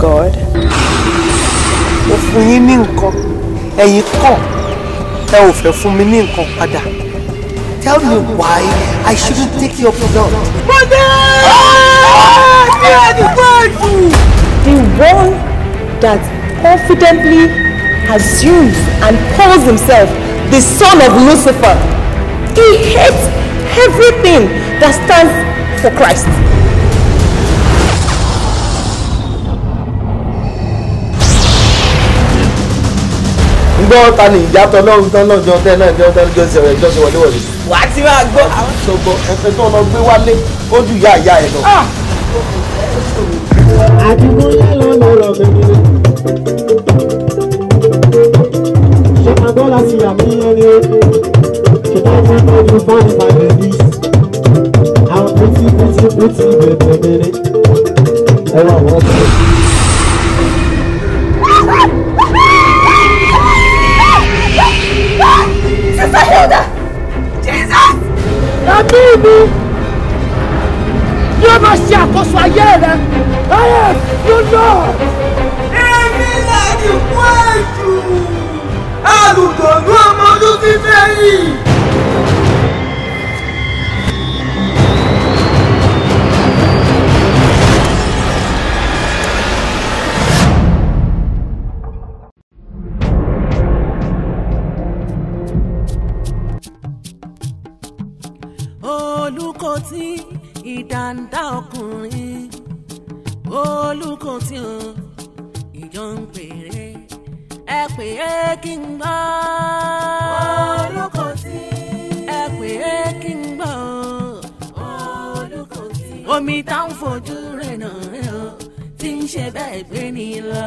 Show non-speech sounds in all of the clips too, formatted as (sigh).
God. Tell me why I shouldn't take your blood. Mother! Ah! The one that confidently assumes and calls himself the son of Lucifer. He hates everything that stands for Christ. gbọ́ ta ni ìyá tọ́ lọ́run tán lọ́jọ́ tẹ́ náà jọ́ tán jọ́ sẹ̀rẹ̀ jọ́ sẹ̀rẹ̀ wọléwọlé. wà á ti máa gbọ́ àwọn. tó gbọ́ ẹ̀fẹ̀ tó lọ gbé wálé ó dù yá ìyá ẹ̀ lọ. àdúgbò yẹn lọ mi yóò máa ṣe àkóso ayé rẹ ayé lọ́nà. èmi làdìkú ẹ̀jù alùpùpù ọmọ ọdún fífẹ́ yìí. àǹdá ọkùnrin olùkọ́tì o ìjọ ń pèrè ẹ pè é kí n gbọ́. olùkọ́tì. ẹ pè é kí n gbọ́. olùkọ́tì. omi táwọn fojú rẹ̀ náà rẹ̀ o ti ń ṣe bẹ́ẹ̀ gbé ni lọ.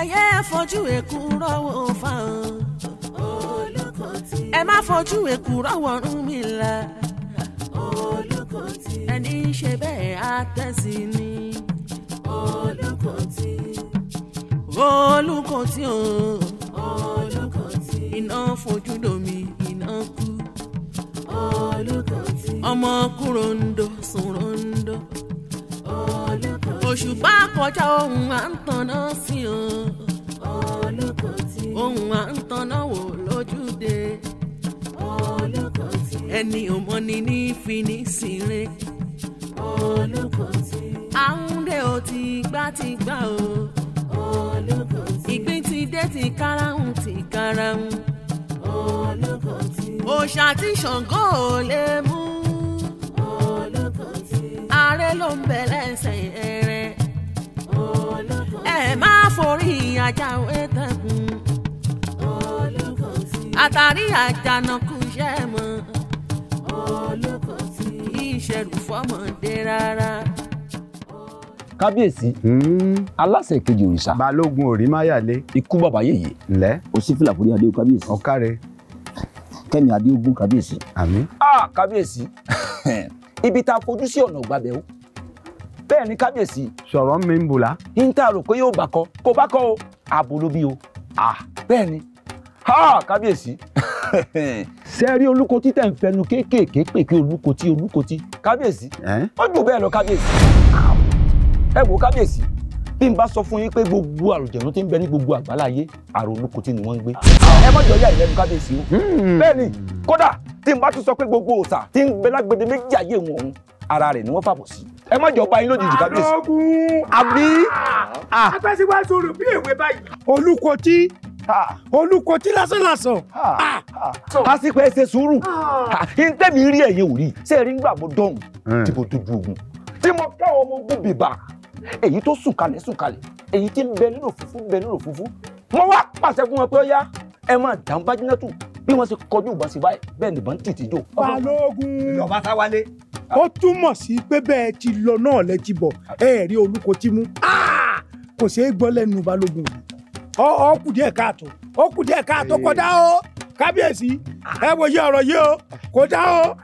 ẹyẹ fojú èkú rọwọ fáwọn. olùkọ́tì. ẹ má fojú èkú rọwọ rún mi la ẹni ń ṣe bẹ́ẹ̀ á tẹ̀sí ni. Olùkọ́tì. Olùkọ́tì o. Olùkọ́tì. iná fojú domi iná kú. Olùkọ́tì. ọmọ kúròǹdó sòròǹdó. Olùkọ́tì. òṣùpá kọjá ohun à ń tanná sí o. Olùkọ́tì. ohun à ń tanná wò lọ ẹni ò mọ ni ní finisire. Olùkọ́tì. àwùndé ò ti gbá ti gbá o. Olùkọ́tì. ìgbín ti dé ti karahun ti karahun. Olùkọ́tì. òòṣà tí Ṣàngó ò lè mú. Olùkọ́tì. ààrẹ ló ń bẹ lẹ́sẹ̀ ẹ̀rẹ̀. Olùkọ́tì. ẹ máa forí ajá wé tẹkùn. Olùkọ́tì. àtàrí àjànàkú ṣẹ́ mọ́ olùkọ́ tí ìṣẹ̀rù fọmọdé rárá. kábíyèsí hmm. aláṣẹ kejì òrìṣà balógun òrìmáyàlé ikú bàbá yèyé ńlẹ òsínfìlà fúri adéwò kábíyèsí ọkàrẹ kẹmi adéwògún kábíyèsí. àmín. a kábíyèsí (laughs) ibi tá a fojú sí ọ̀nà ògbàbẹ̀ o bẹ́ẹ̀ ni kábíyèsí. sọ̀rọ̀ mi ń bùlá. yín tá a rò pé yóò bá kọ kó bá kọ o àbò bí o. bẹ́ẹ̀ ni ha kábíyèsí. ṣe rí olùkọ́tí tẹ̀ ń fẹnu kéékèèké pè kí olùkọ́tí olùkọ́tí. kábíyèsí ó jù bẹ́ẹ̀ lọ kábíyèsí. ẹ wo kábíyèsí bí n bá sọ fún yín pé gbogbo àlùjẹ̀nu tí ń bẹ ní gbogbo àgbáláyé àrò olùkọ́tí ni wọ́n ń gbé. ẹ má jọ yá ìlẹ́nu kábíyèsí o. Hmm. bẹ́ẹ̀ ni kódà tí n bá tún sọ pé gbogbo òòṣà tí ń bẹ lágbede méjì ayé wọn òun ara rẹ̀ ni wọ́n fàbọ̀ sí ẹ má jọba yín lójijì kábíyèsí. àbí. àtàṣe wá sọ̀rọ̀ bí èwe báyìí olùkọ́tí lásánlàsàn àsìkò ah. ẹ ṣe sùúrù ah. ntẹ́mi rí ẹ̀yìn òrí ṣé ẹ rí nígbà mo dọ̀hún eh. tí mo dojú ogun tí mo ká ọmọ ogun bìbà èyí tó sùn kalẹ̀ sùn kalẹ̀ èyí tí ń bẹ nínú òfúfú ń bẹ nínú òfúfú mo wá pàṣẹ fún wọn pé ó yá ẹ máa dàn bá jìnnàtù bí wọ́n ṣe kọjú ìbọn sí báyìí bẹ́ẹ̀ nìbọn tètè jò. balógun ọba sáwálé. ó túmọ̀ sí pé bẹ́ẹ̀ ti lọ náà lẹ́ ti bọ̀ ẹ mú ah! kò ṣeé gbọ́ lẹ́nu balógun ọ kù díẹ̀ káàtó ó kù díẹ̀ káàtó kódà o kábíyèsí ẹ wòye ọ̀rọ̀ yìí o kódà o.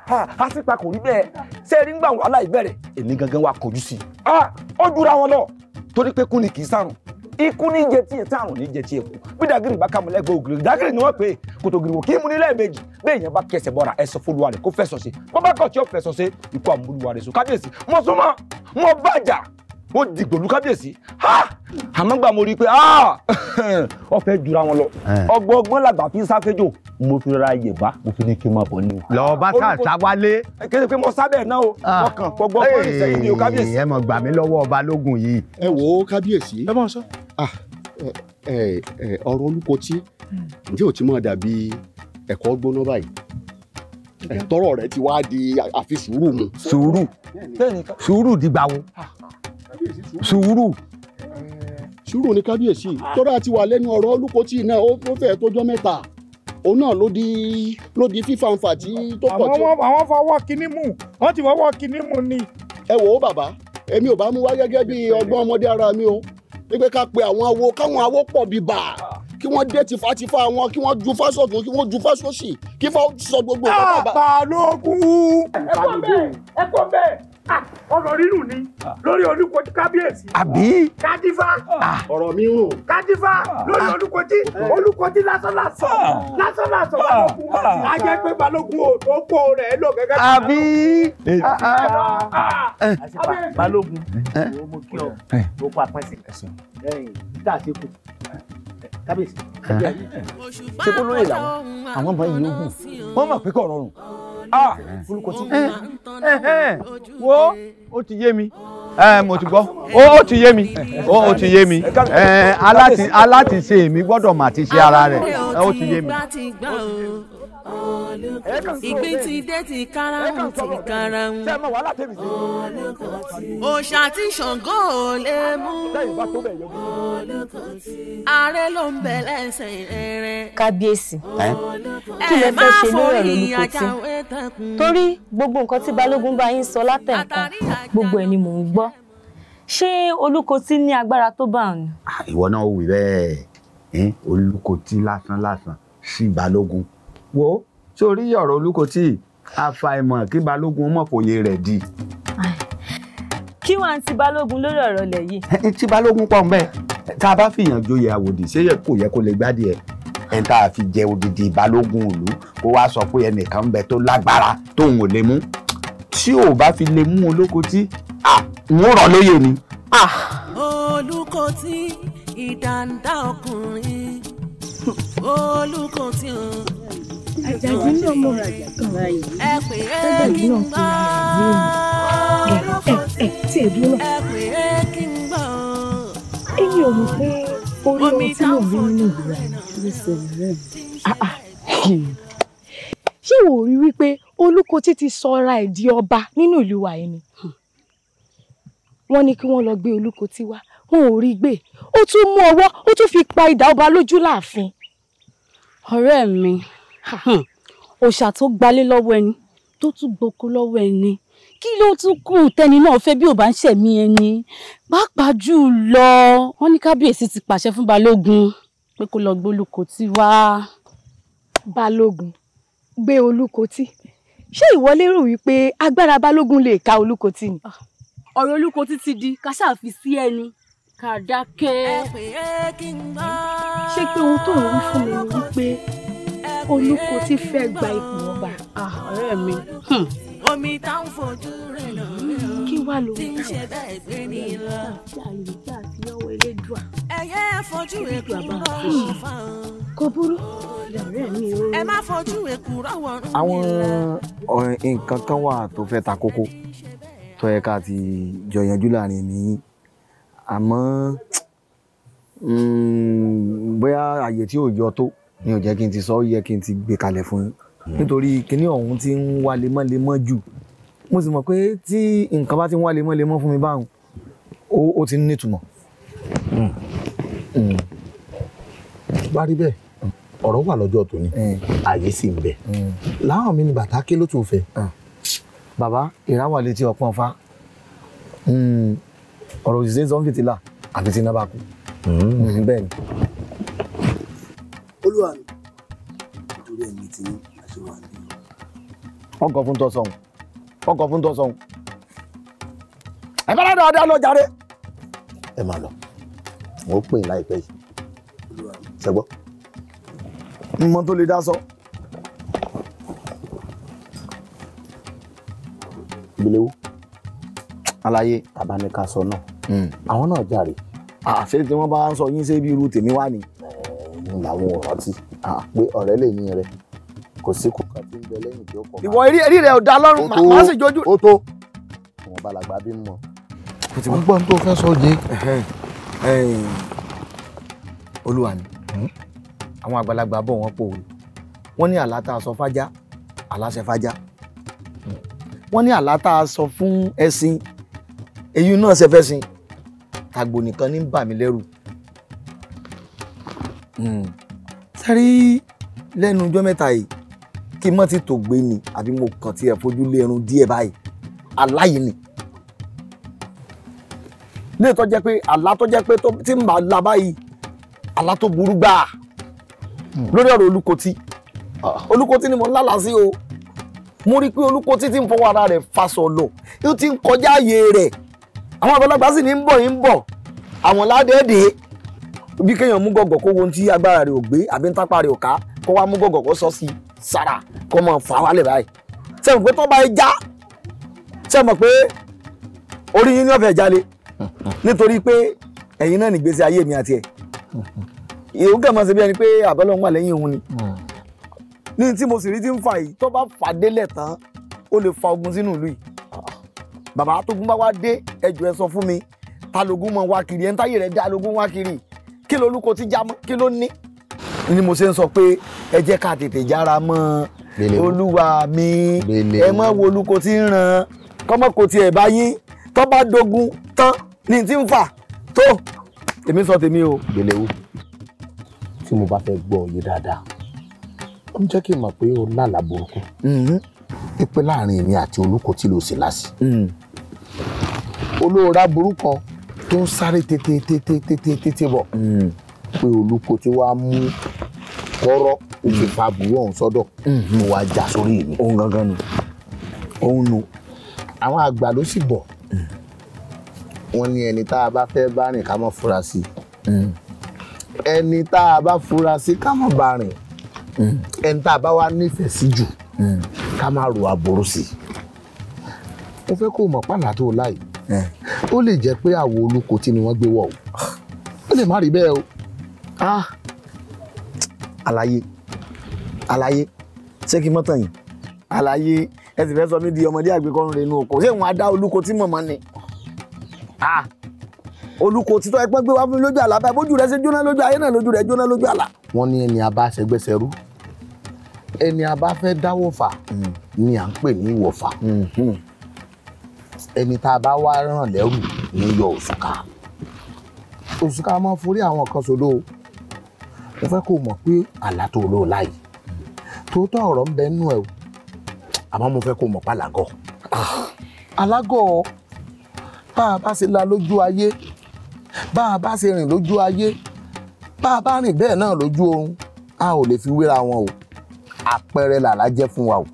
a ti pa kò rí bẹ́ẹ̀ ṣé erin gbà wàhálà ìbẹ̀rẹ̀ èmi gangan wa kọjú sí i. ó dúra wọn lọ torí pé kú ni kì í sàrùn ikú ní jẹ tí ètò àrùn ní jẹ tí èkó bí dàgìrì bá kàmú lẹgbẹ ògiri dàgìrì ni wọn pè é kòtò gírí wò kí mu ní lẹ́ẹ̀mejì bẹ́ẹ̀ yẹn bá kẹsẹ̀ bọ́ra ẹsẹ̀ fúluwa rẹ̀ kó fẹ̀sọ̀ sí bọ́bá kọ̀ tí ó fẹ̀sọ̀ sí ikú àmúlùwà rẹ̀ sùn kábíyèsí mọ̀súnmọ́ mọ̀ bàjá mo dìgbò lu kábíyèsí àmọ́ gbà mo rí i pé ọ fẹ́ jura wọn lọ ọgbọ́n làgbà fi ń sáfẹ́jọ mo fi ra yẹ̀bá mo fi ní kí n máa bọ̀ ní o. lọ bá tà sá wálé. kéde pé mo sábẹ̀ náà o ah. mo kàn ìṣẹ́yìn ní o kábíyèsí. ẹ mọ̀ gbà mí lọ́wọ́ ọba lógun yìí. ẹ wo kábíyèsí. ẹ máa sọ. Ah, ọ̀rọ̀ olùkọ́ tí hmm. ǹjẹ́ ò ti máa dàbí ẹ̀kọ́ gbóná báyìí tọrọ rẹ ti wá di àfi sùúrù mu. sùúrù sùúrù dìgbà wo ah sùúrù sùúrù eh, ní kábíyèsí tọ́ra ti wà lẹ́nu ọ̀rọ̀ olùkọ́tì náà ó fẹ́ tọ́jọ́ mẹ́ta òun náà ló di ló di fífàǹfà tí tó pọ̀ tó. àwọn fọwọ́ kinní mú wọ́n ti fọwọ́ kinní mú ni. ẹ wò ó bàbá èmi ò bá mú wá gẹ́gẹ́ bí ọgbọ́n ọmọdé ara mi o wípé ká pe àwọn awo káwọn awo pọ̀ bíbà kí wọ́n dé tìfátífá wọn kí wọ́n ju fásọ̀tún kí wọ́n ju fásọ̀sì kí fọ́ sọ gbogbo. àbálòkù. ẹ kọ́ bẹ́ẹ̀ ẹ kọ́ bẹ́ẹ̀. Ah, ọ̀rọ̀ rírùn ni ah. lórí olùkọ́jú kábíyèsí. àbí. kádífà ah. ọ̀rọ̀ mi rùn. kádífà lórí olùkọ́jú eh. olùkọ́jú lásánlásán lásánlásán balógun a jẹ́ pé balógun ò kó rẹ̀ lò gẹ́gẹ́ bí. àbí. balógun eh. eh. mo kí ọ mo pa pẹ́sì lẹ́yìn tá ti kù kábíyèsí ṣé kó lóye làwọn àwọn ọmọ yìí ó gùn wọn mọ̀ pé kò rọrùn ah! olùkọ́tí wo ó ti yé mi mo ti gbọ́ ó ti yé mi ó ti yé mi aláti aláti ṣe èmi gbọ́dọ̀ mà ti ṣe ara rẹ̀ ó ti yé mi ìgbín ti dé ti karahun ti karahun òòṣà tí Ṣàngó ò lè mú ààrẹ ló ń bẹ lẹ́sẹ̀ rẹ̀. kábíyèsí kí lẹ fẹ́ ṣe lórí torí gbogbo nǹkan tí balógun bá yín sọ látẹ̀kọ́ gbogbo ẹ̀ ni mò ń gbọ́ ṣé Olùkùtì ní agbára tó bá òun. Ah, ìwọ náà wí bẹ́ẹ̀ Olùkùtì lásán lásán sí balógun wo sórí ọ̀rọ̀ Olúkòtì àfàìmọ̀ kí balógun mọ̀pòye rẹ̀ di. kí wàá ti balógun lórí ọ̀rọ̀ lẹ̀ yìí. tí balógun pọ̀ mbẹ́ tá a bá fìyàn joyè àwòdì ṣé kò yẹ kó lè gbádìí ẹ̀ ẹni tá a fi jẹ odidi balógun ìlú kó wá sọ pé ẹnìkan ń bẹ tó lágbára tóun ò lè mú tí ò bá fi lè mú Olúkòtì n ó rọ lóyè ni. Olúkòtì ìdàǹdà ọkùnrin Olúkòtì ọ̀hún àjàjì ní ọmọ rẹ àjàkàn báyìí àjàjì náà fi ra ẹ̀rọ ẹ̀ ẹ̀ tí ì dúró náà. èyí ò rò pé orí ohun tí mò ń rí nínú ìlú rẹ ló ṣẹlẹ̀ rẹ̀ mi. ṣé wò ó rí wípé Olúkòtí ti sọra ẹ̀ di ọba nínú ìlú wa yìí ni wọ́n ní kí wọ́n lọ gbé Olúkòtí wá wọn ò rí gbé ó tún mú ọwọ́ ó tún fi pa idà ọba lójú láàfin. ọ̀rẹ́ mi òòṣà hmm. tó gbalé lọ́wọ́ ẹni tó tún gboko lọ́wọ́ ẹni kí ló tún kù tẹni náà fẹ́ bí ò bá ń ṣẹ̀mí ẹni pàápàá jù lọ wọ́n ní kábíyèsí ti pàṣẹ fún balógun pé kó lọ gbé Olùkòtí wá. balógun gbé Olùkòtí ṣé ìwọ lérò wípé agbára balógun lè ka Olùkòtí ni. Ah, ọ̀rọ̀ Olùkòtí ti di kásá fi sí ẹni kàdákẹ́. ṣé pé ohun tó ń wí fún mi ni wípé olùkọ́ ti fẹ́ gba ipò ọba. Ah, ọ̀rẹ́ mi. Hmm. omi tá ń fojú rẹ̀ lọ. Hmm, kí wàá lò ó táwọn àlè tá a fi ọwọ́ elédùà. ẹyẹ fojú èkú rọrùn fáwọn. kò burú ọ̀rẹ́ mi o. ẹ má fojú èkú rọrùn mi. àwọn eh, nǹkan kan wà tó fẹ́ ta kókó tó yẹ ká ti jọ yanjú láàrin mi àmọ́ hmm, bóyá àyè tí ò jọ tó ni ò jẹ́ kí n ti sọ ó yẹ kí n ti gbé kalẹ̀ fún yín hmm. nítorí kíní ọ̀hún ti ń wá lemọ́lemọ́ jù mo sì mọ̀ pé tí nǹkan bá ti ń wá lemọ́lemọ́ fún mi báwọn ó ti ń nítumọ̀. Hmm. Hmm. bá rí bẹ́ẹ̀ ọ̀rọ̀ wà lọ́jọ́ tòní ààyè sì ń bẹ láwọn mi ni bàtà ké ló tún fẹ́. bàbá ìráwà létí ọpọ́n fa ọ̀rọ̀ òṣìṣẹ́ sọ́ńfìtìlà àfi tí iná bá kú bẹ́ẹ̀ ni olúwa mi nítorí ẹ̀mí tí a ṣe wà nílùú. wọn kọ fún tọ́sán wọn kọ fún tọ́sán ẹ̀fẹ́ ládàá ọ̀dà lọ jàre. ẹ máa lọ wọn ó pè é láìpẹ́ yìí ṣẹgbọ́ mọ tó lè dá sọ. ìbílẹ̀wò àlàyé tàbánikà sọ náà hmm. àwọn náà jàre. àṣé tí wọ́n bá ń sọ yín ṣé bí irú tèmi wà ni làwọn ò rántí pé ọ̀rẹ́ lè yín rẹ kò sí kò kàn tí ń bẹ lẹ́yìn tí ó pọ̀. ìwọ eré rẹ ò dá lọ́rùn màá sì jojú. ó tó àwọn balàgbà bí mọ. mo gbọ́ ohun tó fẹ́ sọ jẹ́. olúwa mi hmm? àwọn àgbàlagbà bọ̀ wọ́n pòwe wọ́n ní àlá a sọ fájá àlá ṣe fájá wọ́n ní àlá a sọ fún ẹṣin èyí náà ṣe fẹ́ tàgbò nìkan ní bà lẹ́rù Hmm. sẹ́rí lẹ́nu ọjọ́ mẹ́ta yìí kí n mọ́ ti tò gbé ni àbí mo kàn ti ẹ̀ fojú lé irun díẹ̀ báyìí aláyìí ni ilé tó jẹ́ pé àlá tó jẹ́ pé tí n bá la báyìí àlá tó burú gbáà lórí ọ̀rọ̀ Olúkòtí Olúkòtí ni mo lálàá sí o mo rí i pé Olúkòtí ti ń fọwọ́ ara rẹ̀ fasọ̀ lọ ó ti ń kọjá ààyè rẹ̀ àwọn àgbàlagbà sì ní ń bọ̀ ń bọ̀ àwọn ládẹ́ẹ̀dẹ́ bí kéèyàn mú gọ̀gọ̀ kó wo ti agbára rẹ̀ ò gbé àbí ń tápá rẹ̀ ò ká kó wá mú gọ̀gọ̀ kó sọ sí sára kó mọ̀ fà wálẹ̀ báyìí sẹ́wọ̀n pé tó bá já sẹ́wọ̀n pé orí yín ní ọ̀fẹ́ jalè nítorí pé ẹ̀yin náà nìgbésí ayé mi àti ẹ̀ ìyẹ̀wò kẹ́ máa ṣe bí ẹni pé àbẹ́lẹ̀ wà lẹ́yìn òun ni ní tí mo sì rí ti ń fà yìí tó bá fà délẹ̀ tán ó lè fa ogun sínú ìlú yìí bàbá tógun bá wá dé ẹjọ́ ẹ sọ fún mi ta lógun mọ wá kiri ẹni táyé rẹ dá lógun wá kiri kí ló olúkọ ti já mọ́ kí ló ní. ni mo ṣe ń sọ pé ẹ jẹ́ ká tètè jára mọ́ olúwa mi ẹ mọ́ wo olúkọ ti ń ràn kọ́mọ́ kò tiẹ̀ bá yín tó bá dogun tán ní ti ń fà tó èmi sọ tèmi o. gbèléwò tí mo bá fẹ́ gbọ́ òye dáadáa ó ń jẹ́ kí n mọ̀ pé o lálà burúkú mm-hmm. pípẹ́ láàrin èmi àti olúkọ tí ló sì láṣì mm. olóòrá burúkọ tó ń sáré tètè tètè tètè tètè bọ̀ mm. pé olùkọ́ ti wá mú kọ́rọ́ òfin mm. fàbùrù ọ̀hún sọ́dọ̀ mo mm-hmm. wá já sórí mi. òun gangan nu. òun nu àwọn àgbà ló sì bọ̀ mm. wọ́n ní ẹni tá a bá fẹ́ bá rìn ká má fura sí i ẹni tá a bá fura sí ká má bá rìn ẹni tá a bá wá nífẹ̀ẹ́ sí jù ká má ro aburú sí i. mo fẹ́ kó o mọ̀ pàlà tó o láyìí ó lè jẹ́ pé àwo olùkọ́ tí ni wọ́n gbé wọ̀ o ó lè má rí bẹ́ẹ̀ o ah àlàyé àlàyé ṣé kí mọ́tàn yìí àlàyé ẹ sì fẹ́ sọ mí di ọmọdé àgbékọ́rùn rẹ̀ inú oko ṣé wọn á dá olùkọ́ tí mọ̀mọ́ ni ah olùkọ́ títọ́ ẹgbẹ́ gbé wá fún mi lójú àlá báyìí bójú rẹ ṣe jóná lójú ayé náà lójú rẹ jóná lójú àlá. wọ́n ní ẹni abá ṣẹgbẹ́sẹ̀rú ẹni abá fẹ́ dáwọ́ fà hmm. ni à ń pè ní ìwọ̀fà. Hmm, hmm ẹni tá a bá wá ràn lẹ́rù ní yọ òṣùká òṣùká máa forí àwọn kan sódò mo fẹ́ kó mọ̀ pé àlá tó lò láyìí tòótọ́ ọ̀rọ̀ ń bẹ nínú ẹ̀ o àmọ́ mo fẹ́ kó mọ̀ pàlágọ̀ ah, alágọ̀ bá a bá ṣe la lójú ayé bá a bá ṣe rìn lójú ayé bá a bá rìn bẹ́ẹ̀ náà lójú oorun a ò lè fi wéra wọn o àpẹẹrẹ làlá jẹ́ fún wa o.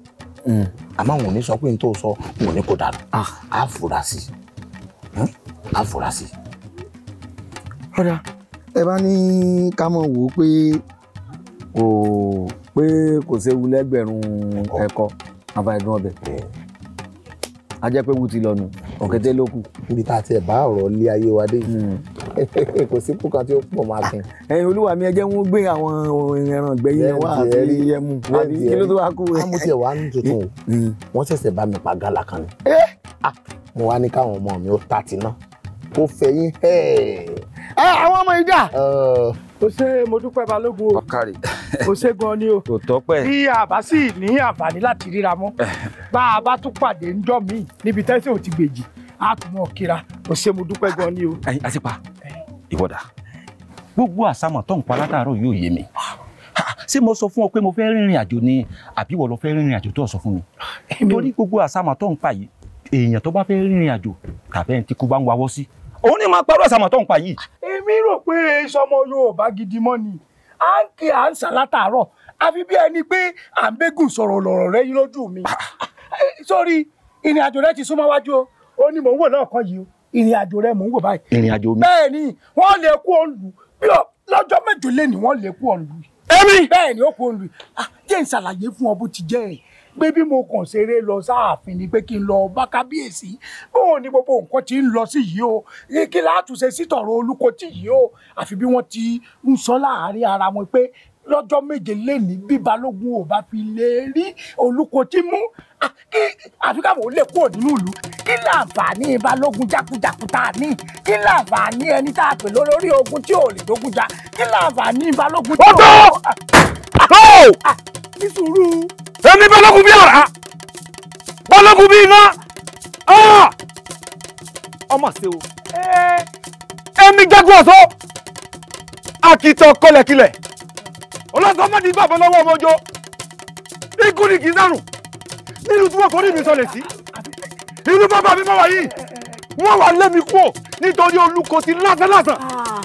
Hmm àmọ́ wọn ò ní sọ pé n tó sọ wọn ò ní kó dànù á ah. fura sí hm? á fura sí. ọ̀dà ẹ bá ní ká mọ̀ wò ó pé kò pé kò séwu lẹ́gbẹ̀rún ẹ̀kọ́ àfàìdùn ọbẹ̀ a jẹ́ pé wú ti lọ nù ọ̀kẹ́tẹ́ ló kù. níbi tá a ti ẹ̀ bá ọ̀rọ̀ lé ayé wa dé kò sí púkà tí ó pọ̀ máa kìn. Ah, ẹyin olúwa mi ẹ jẹ́ gbé àwọn ẹran ìgbẹ́yìn yẹn wá àti ẹmu àbí kí ló tó wá kú. amúṣe ah, wa ní tuntun mm. wọ́n ṣẹ̀ṣẹ̀ bá mi pa gala kan ni. Eh? Ah, mo wá ní káwọn ọmọ mi ó ta ti ná kó fẹ̀yìn àwọn ọmọ ìjà o ṣe mo dúpẹ́ balógun o o ṣe gan ni o kò tọ́pẹ́ bí àbá sì ní àǹfààní láti ríra mọ́ bá a bá tún pàdé ńjọ́ míì níbi tẹ́sán ò ti gbèjì á tún mọ kíra kò ṣe mo dúpẹ́ gan ni o. ẹyin àtipa ìwọ́dà gbogbo àsámọ̀ tó ń pa látàárọ̀ yóò yé mi ṣé mo sọ fún ọ pé mo fẹ́ rìnrìn àjò ni àbí wọ́n lọ fẹ́ rìnrìn àjò tó sọ fún mi torí gbogbo àsámọ̀ tó ń pa yìí èèyàn tó bá fẹ́ rìnrìn àjò tàbí ẹni tí kú bá ń wawọ́ sí òun ni máa parọ́ àsámọ̀ tó ń pa yìí. èmi rò pé sọmọ Yorùbá gidi mọ́ ni à ń kí à ń sà látàárọ̀ àfi bí ẹni pé à ń bégùn sọ̀rọ̀ lọ̀rọ̀ rẹ yín lójú mi ah. sórí ìrìn àjò rẹ ti súnmọ́ wájú o ó ní mò ń wò lọ́ọ̀kan yìí o ìrìn àjò rẹ mò ń wò báyìí. ìrìn àjò mi. bẹ́ẹ̀ ni wọ́n lè kú òǹlù bí lọ́jọ́ mẹ́jọ lé ní wọ́n lè kú òǹlù. èmi. bẹ́ẹ̀ ni ó kú òǹlù jẹ́ ìṣàlàyé fún ọ bó ti jẹ́ ẹ̀ pé bí mo kàn ṣeré lọ sáàfin ni pé kí n lọ bá kábíyèsí bóun ni gbogbo nǹkan ti ń lọ sí yìí o kí látúnṣe sítọ̀rọ̀ Olúkòtí yìí o àfi bí wọ́n ti ń sọ láàárín ara wọn pé lọ́jọ́ méje lé ní bí ò bá fi lè rí Olúkòtí mú kí àfikàwọ̀ ó lè kúrò nínú ìlú kí láǹfààní balógun jákujàku tá a ní kí láǹfààní ẹni tá a pè lórí ogun tí ò lè dógun jà kí láǹfààní balógun ó tó ní sùúrù. èmi balógun bí ọ̀rá balógun bí iná ọmọ sí o. èmi jágun ọ̀sọ́ àkìtàn kọlẹ̀kilẹ̀ ọlọ́sọ bàbá lọ́wọ́ ọmọ ọjọ́ ikú ni kì í dànù nínú tí wọn kò rí mi sọlẹ̀ sí inú bàbá mi bàbá yìí wọn wà lẹ́mi kúọ̀ nítorí olùkọ́sí lásánlásán. Ah,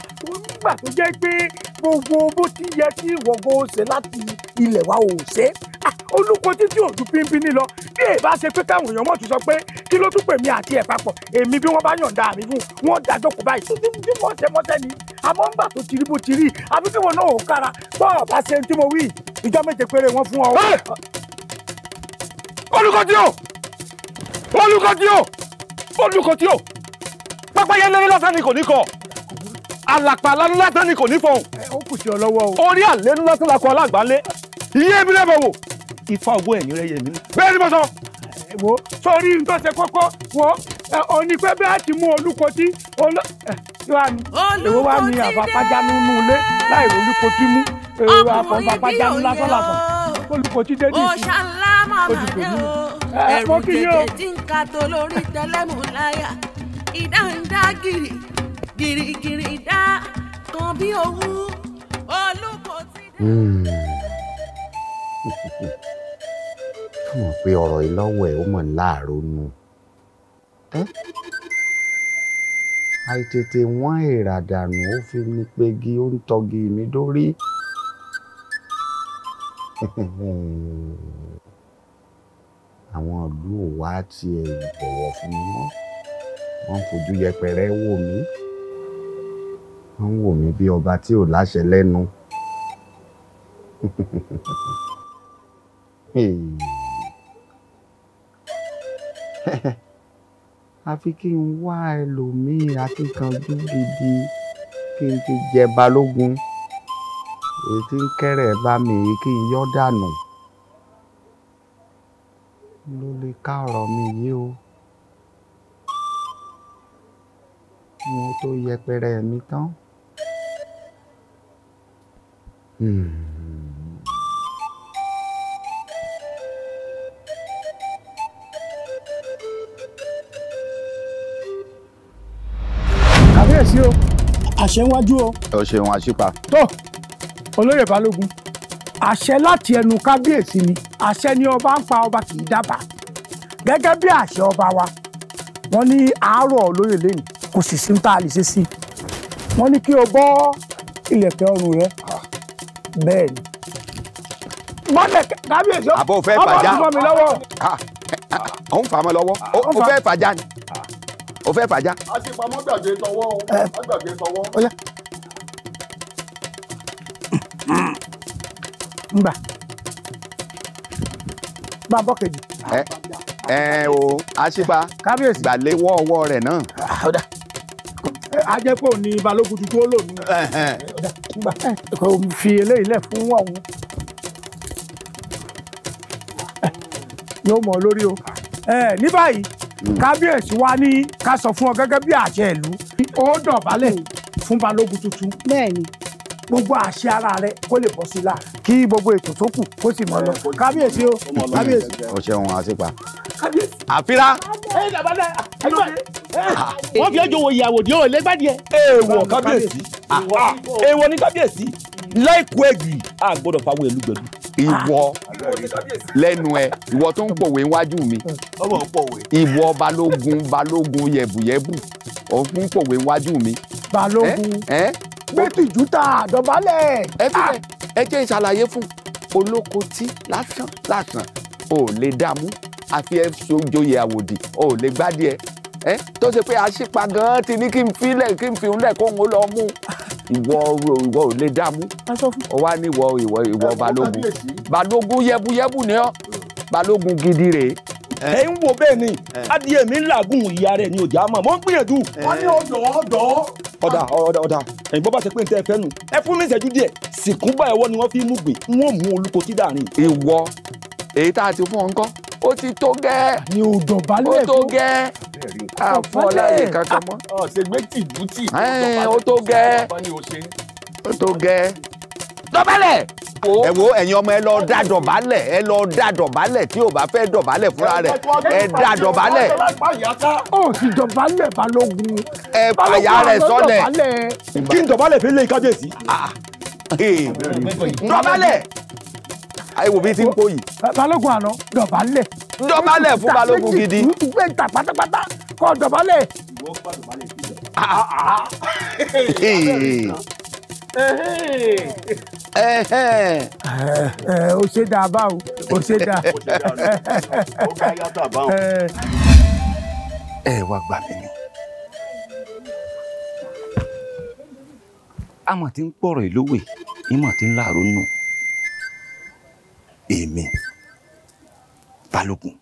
nígbà tó jẹ́ pé gbogbo bó ti yẹ kí ìwọ̀gbọ́ ṣe láti ilẹ̀ wa ò ṣe ah, olùkọ́sí tí òòdù pínpín lọ bí èyí bá ṣe pé káwọn èèyàn mọ̀ tún sọ pé kí ló tún pè àti ẹ̀ papọ̀ èmi bí wọ́n bá yọ̀ǹda mi fún wọn dájọ́ kó báyìí títí tí mo ṣe mọ́tẹ́ ni àmọ́ ńgbà tó ti rí bó ti rí àbí tí wọn náà ò kára bọ́ọ̀ bá ṣe tí mo wí ìjọ méje péré wọn fún ọ olùkọ́tí o olùkọ́tí o olùkọ́tí o pẹ́pẹ́yẹ lẹ́rẹ́ lásán ni kò ní kọ́ alàpà lánú lásán ni kò ní fọ̀hún. ó kù sí ọ lọ́wọ́ o. orí àlẹ́ ńlá tó la kọ alágbálẹ̀ iye mi lẹ́bọ̀ wò. ifá owó ẹ̀yìn rẹ̀ yẹ mí. bẹ́ẹ̀ ni mo sọ. wo sórí nǹkan ṣe kókó wo òní pé bí a ti mú olùkọ́tí olùkọ́tí dé. èwo wá ní àbápájá nínú ilé láì olùkọ́tí mú ọkùnrin bí òye olùkọ́tí dédì sí olùkọ́tí ẹ̀rù tètè tí ń ka tó lórí tẹlẹ́mù láyà ìdá ń dá gìrì gìrìgìrì dá kan bí owó olùkọ́tí. Hmm. (laughs) kí wọ́n pe ọ̀rọ̀ yìí lọ́wọ́ ẹ̀ ó mọ̀ láàárọ̀ nu àìtètè wọ́n èrà dànù ó fi ní pegi ó ń tọ́gi mi dórí. (laughs) àwọn ìlú ò wá tiẹ̀ bọ̀wọ̀ fún mi mọ́ wọ́n fojú yẹpẹrẹ wò mí wọ́n wò mí bí ọba tí ò láṣẹ lẹ́nu (laughs) (laughs) àfi kí n wá ẹlòmíì akíkanjú gidi kí n ti jẹ balógun etí ń kẹ́rẹ̀ bá mi yìí kí n yọ́ dànù ló lè ká ọ̀rọ̀ mi yìí o mo tó yẹpẹrẹ mi tán. kàbíyèsí o àṣẹ ń wájú o. ọ̀ṣẹ̀ wọn àṣìpa. tó olóyè balógun àṣẹ láti ẹnu kábíyèsí ni àṣẹ ni ọba ń pa ọba kì í dábàá gẹ́gẹ́ bí àṣẹ ọba wa wọ́n ní àárọ̀ olóyè lẹ́yìn kò sì sí tá a lè ṣe sí i wọ́n ní kí o bọ́ ìlẹ̀kẹ̀ ọrùn rẹ bẹ́ẹ̀ ni. mọ́lẹ̀ kábíyèsí ọba ọba ọba lọ́wọ́. ó ń fà mọ́ lọ́wọ́ ó fẹ́ fàjà ni ó fẹ́ fàjà. a ti pamọ́ gbàgbé tọwọ́ o gbàgbé tọwọ́. ngbà bá bọ́ kejì. ẹ ẹ o aṣípa kábíyèsí gbàléwọ́ ọwọ́ rẹ̀ náà. a jẹ́ pé òní balógun tuntun ó lò ní. kò fi eléyìí lẹ̀ fún ọ̀hún. yóò mọ̀ lórí o. ní báyìí hmm. kábíyèsí wa ní ká sọ fún ọ gẹ́gẹ́ bí àṣẹ ìlú ó dọ̀bálẹ̀ fún balógun tuntun. bẹ́ẹ̀ ni gbogbo àṣẹ ara rẹ kó lè bọ́ sí i la kí gbogbo ètò tó kù kó sì mọ lọ kábíyèsí o kábíyèsí. ọ̀sẹ̀ wọn àṣepa. kábíyèsí. àfírà. ẹ dàbálẹ̀ ẹgbẹ́ ah. wọ́n fi ẹjọ́ wo ìyàwó di òòlẹ́ gbádìẹ. èèwọ̀ kábíyèsí ah, èèwọ̀ ní ah. kábíyèsí láìkú ẹ̀gì àgbọ̀dọ̀ fáwọn ìlú gbẹ̀dú ìwọ lẹ́nu ẹ ìwọ tó ń pòwe iwájú mi ìwọ balógun balógun yẹ̀bùyẹ̀bù ò ń pòwe iwájú mi. balógun gbé tìjú ta àdọ̀bálẹ̀. ẹ ah! bí rẹ ẹ jẹ́ n ṣàlàyé fún olóko tí lásán lásán ò lè dààmú àfi ẹ sojoyè àwòdì ò lè gbádìẹ ẹ tó ṣe pé aṣípa gan ti ní kí n filẹ̀ kí n fi òun lẹ̀ kó òun lọ mú ìwọ ìwọ ò lè dààmú ó wá ní ìwọ ìwọ ìwọ balógun balógun yẹbuyẹbu ni ọ balógun gidi rèé ẹ ń wo bẹ́ẹ̀ ni adìyẹ mi ń làágùn ìyá rẹ̀ ni òjá mọ̀ mọ́ ń gbìyànjú. wọ́n ní ọ̀dọ́ ọ̀dọ́ ọ̀dà ọ̀dà ọ̀dà ẹ̀yin bó bá ṣe pé n tẹ́ fẹ́ nù ẹ fún mi ìṣẹ́jú díẹ̀ sìnkúbà ẹ̀wọ́ ni wọ́n fi mú gbìn n ó mú olùkọ́ tí dàrin. ìwọ èyí tá a ti fún ọ ńkọ́ ó ti tó gẹ́ẹ́ ni ò dọ̀bálẹ̀ fún ó tó gẹ́ẹ́ àfọláyè kankan mọ́. ọ̀sẹ̀ méjì bùtì ó tó gẹ́ẹ́ ó tó gẹ́ẹ́ dọ̀bálẹ̀. ẹ wo ẹ̀yin ọmọ ẹ lọ dá dọ̀bálẹ̀ ẹ lọ dá dọ̀bálẹ̀ tí ò bá fẹ́ dọ̀bálẹ̀ fúnra rẹ̀ ẹ dá dọ̀bálẹ̀. ó sì dọ̀bálẹ̀ balógun. ẹ fàyà rẹ̀ sọlẹ̀. kí n dọ̀bálẹ̀ fi lé kábíyèsí. Ah, ah. dọ̀bálẹ̀ ayé wo bí ti ń pò yìí. balógun àná dọ̀bálẹ̀. dọ̀bálẹ̀ fún balógun gidi. gbé ta pátápátá kọ dọ̀bálẹ̀. ah. fà dọ̀bálẹ̀ ehe ehe. dà bá o ẹ tí ń pọ̀rọ̀ ìlówè ìmọ̀ tí ń láàrú nù. èmi balógun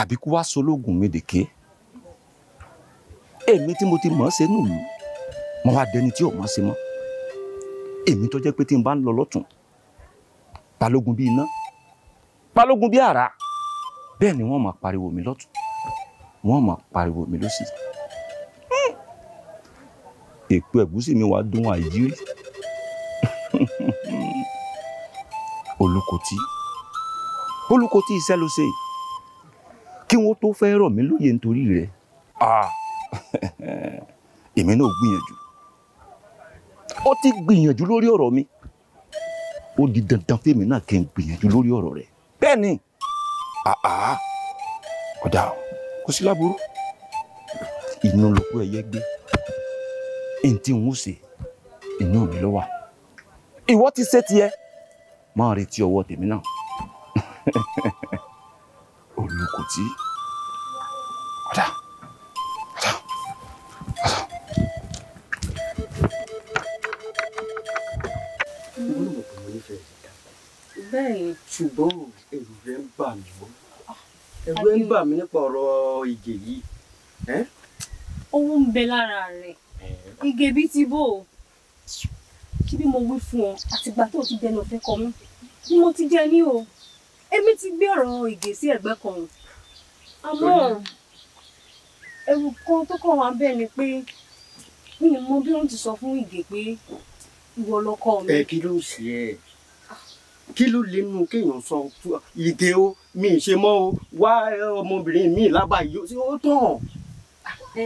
àbíkú wá sológun èmi tí mo ti mọ̀ ọ́ ṣe nù mí mo wá dẹni tí ò mọ̀ ṣe mọ́ èmi tó jẹ́ pé tí n bá ń lọ lọ́tún balógun bíi iná balógun bíi àrá bẹ́ẹ̀ ni wọ́n máa pariwo mi lọ́tún wọ́n máa pariwo mi lọ́sì hmm. èpo ẹ̀gúsí mi wàá dún àìjírí (laughs) olùkọ́tì olùkọ́tì iṣẹ́ ló ṣe kí wọ́n tó fẹ́ rọ̀ mí lóye nítorí rẹ̀ ah. (laughs) èmi náà gbìyànjú ó ti gbìyànjú lórí ọ̀rọ̀ mi ó di dandan fèmí náà kí n gbìyànjú lórí ọ̀rọ̀ rẹ̀ bẹ́ẹ̀ ni ọ̀dà kò sí láburú inú lóko ẹ̀yẹ gbé ẹni tí n ó ṣe inú mi ló wà ìwọ ti ṣe tiẹ̀ máa retí ọwọ́ tèmi náà (laughs) olùkọ́ tí ọ̀dà. ṣùgbọ́n ẹ̀rù rẹ̀ ń bà mí ah, ẹ̀rù rẹ̀ ń bà mí nípa ọ̀rọ̀ ìgè yìí. owó ń bẹ lára rẹ̀ ìgè bíi ti bò ó kí bí mo wí fún ọ àtìgbà tó ti dẹnu ọ̀fẹ́ kọ mí ni mo ti jẹ ní o èmi ti gbé ọ̀rọ̀ ìgè sí ẹ̀gbẹ́ kan àmọ́ ẹ̀rù kan tó kàn wá bẹ́ẹ̀ ni pé mi ò mọ bí wọ́n ti sọ fún ìgè pé ìwọ lọkọ mi. ẹ kí ló ń ṣe ẹ kí ló lè nu kéèyàn sọ ìdè o mi ṣe mọ́ o wá ọmọbìnrin mi lábàáyé ó tàn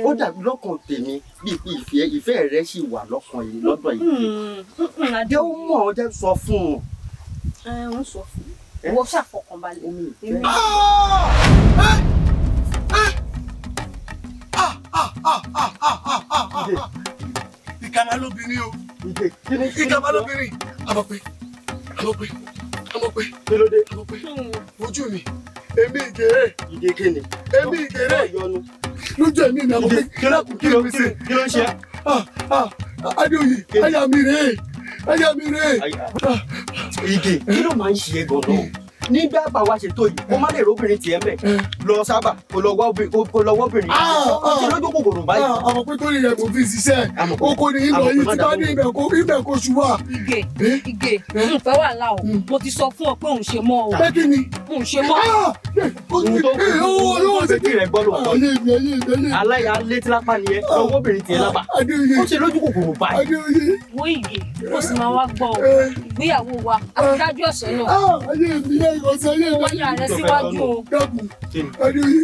ó dàbí lọ́kàn tèmi bí ìfẹ́ ìfẹ́ rẹ sì wà lọ́kàn yìí lọ́dọ̀ yìí jẹ́ ó mọ̀ ọ́ jẹ́ sọ fún un. ẹ ń sọ fún un wọ́n ṣàfọkànbalẹ̀ omi ìfẹ́. ìkàmà lóbìnrin o ìkàmà lóbìnrin àbọ̀pẹ́. Ọmọpé Ọmọpé kí ló dé Ọmọpé ojú mi èmi ìgèrè ìgègè ni èmi ìgèrè lójú ẹ̀mí mi Ọmọpé kíláàkù kí ló ń ṣe ah, ah, ah, kí ló ń ṣe. Adéoyè àyà mi rèé àyà mi rèé. Ìgè kí ló máa ń ṣe é gan-an nígbà bá wa ṣètò yìí kó má lè róbìnrin tiẹ̀ ń mm. lọ sábà kó lọ wọ́bìnrin ọkọ tí lójú kòkòrò báyìí. àmọ́ ah, pé tó lè yẹ kó fi ṣiṣẹ́ oko ni ìlọ yìí ti bá ní ibẹ̀ kó ṣù wà. ìgè ìgè n fẹ́ wà lá mm. mo ti sọ fún ọ pé òun ṣe mọ́ o. pé kí ni. òun ṣe mọ́. Ah! Eh, eh, owó olówó ti kí rẹ̀ gbọ́ lọ. Ah, ayé mi ayé mi aláya létí lápá ni ẹ lọ tiẹ̀ lábà ó ṣe lójú kòkòrò báyìí. wo ìgè kó sì máa wá gbọ́ eh. ìgbéyàwó wa àfidájú ọ̀sẹ̀ náà òṣèré wáyà rẹ síwájú o. dọ́kun adúyí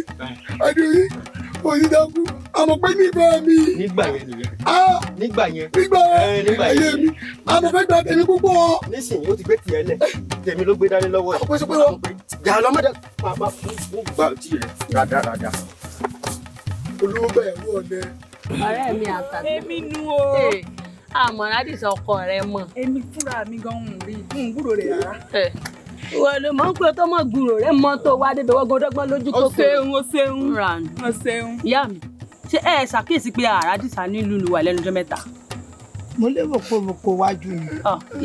adúyí mo ti dákú àmọ́ pé nífẹ̀ẹ́ mi. nígbà yẹn nìyẹn. nígbà yẹn. nígbà yẹn ayé mi àmọ́ fẹ́ gba tèmi púpọ̀. nísìnyí ó ti gbé tiẹ̀ lẹ̀ tèmi ló gbé dání lọ́wọ́ yìí. àpèsè pé wọ́n jà lọ́mọdé pàápàá fún gbà tí rẹ̀ rádaràda. olówó bẹ̀rẹ̀ wọ̀ ọ̀dẹ. ọ̀rẹ́ mi àtàkùn. èmi nu o àmọ́ ọkọ rẹ mọ̀. èmi fúnra mi gan-an ń rí i ń gbúrò rẹ̀ rárá wọ́n ló mọ̀ pé tó mọ̀ gbúrò rẹ̀ tó wá débi wọ́gbọ́n dọ́gbọ́n lójú tó pé. o ṣeun o ṣeun o ṣeun. ìyá mi ṣé ẹ ṣàkíyèsí pé àràdìsá nílùú lùwà lẹ́nu ọjọ́ mẹ́ta. mo lérò pé mo kó wájú ni.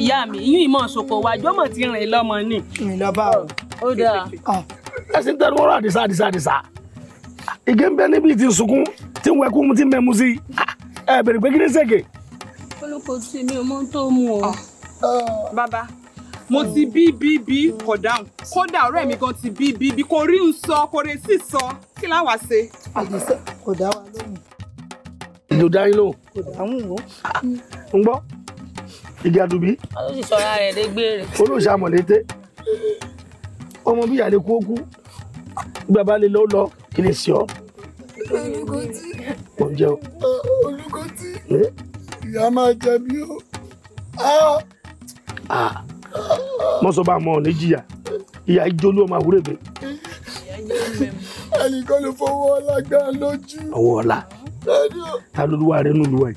ìyá mi iyún ìmọ̀ ṣoko wájú ọmọ ti rìn lọ́mọ ni. rìn lọ o. ó dáa. ẹ sì ń tẹnu àdìsá àdìsá àdìsá ìgé ń bẹ níbi tí ń sunkún tí ń wẹkú tí ń mẹmu sí ẹ bèrè pé kí ni ṣègè. olùkọ́ mo ti bí bí bí kò dáhùn kódà ọ̀rẹ́ mi gan ti bí bí bí kò rí ń sọ kò rè sí sọ kí láwàá ṣe. àdìsẹ́ kò dá wa lóhùn. ìlú dáhùn lóhùn. kò dáhùn wò. ń gbọ́ igi àdùbí. olóṣì sọ̀rọ̀ rẹ̀ lé gbére. olóṣì àmọ̀lété ọmọ bíyà lè kú ó kú lè lọ́ lọ kí lè sí ọ. olùkọ́tì. oúnjẹ o. olùkọ́tì. ìyá máa jẹ bí o. Ah. Ah mọ́sọ̀bá mọ́ ní jìyà ìyá ìjólú ọmọ àwúrẹ́bẹ̀. ẹnìkan ló fọwọ́ ọlá gbá lójú. ọwọ́ ọlá ta ló lúwa rẹ nílùú ẹ.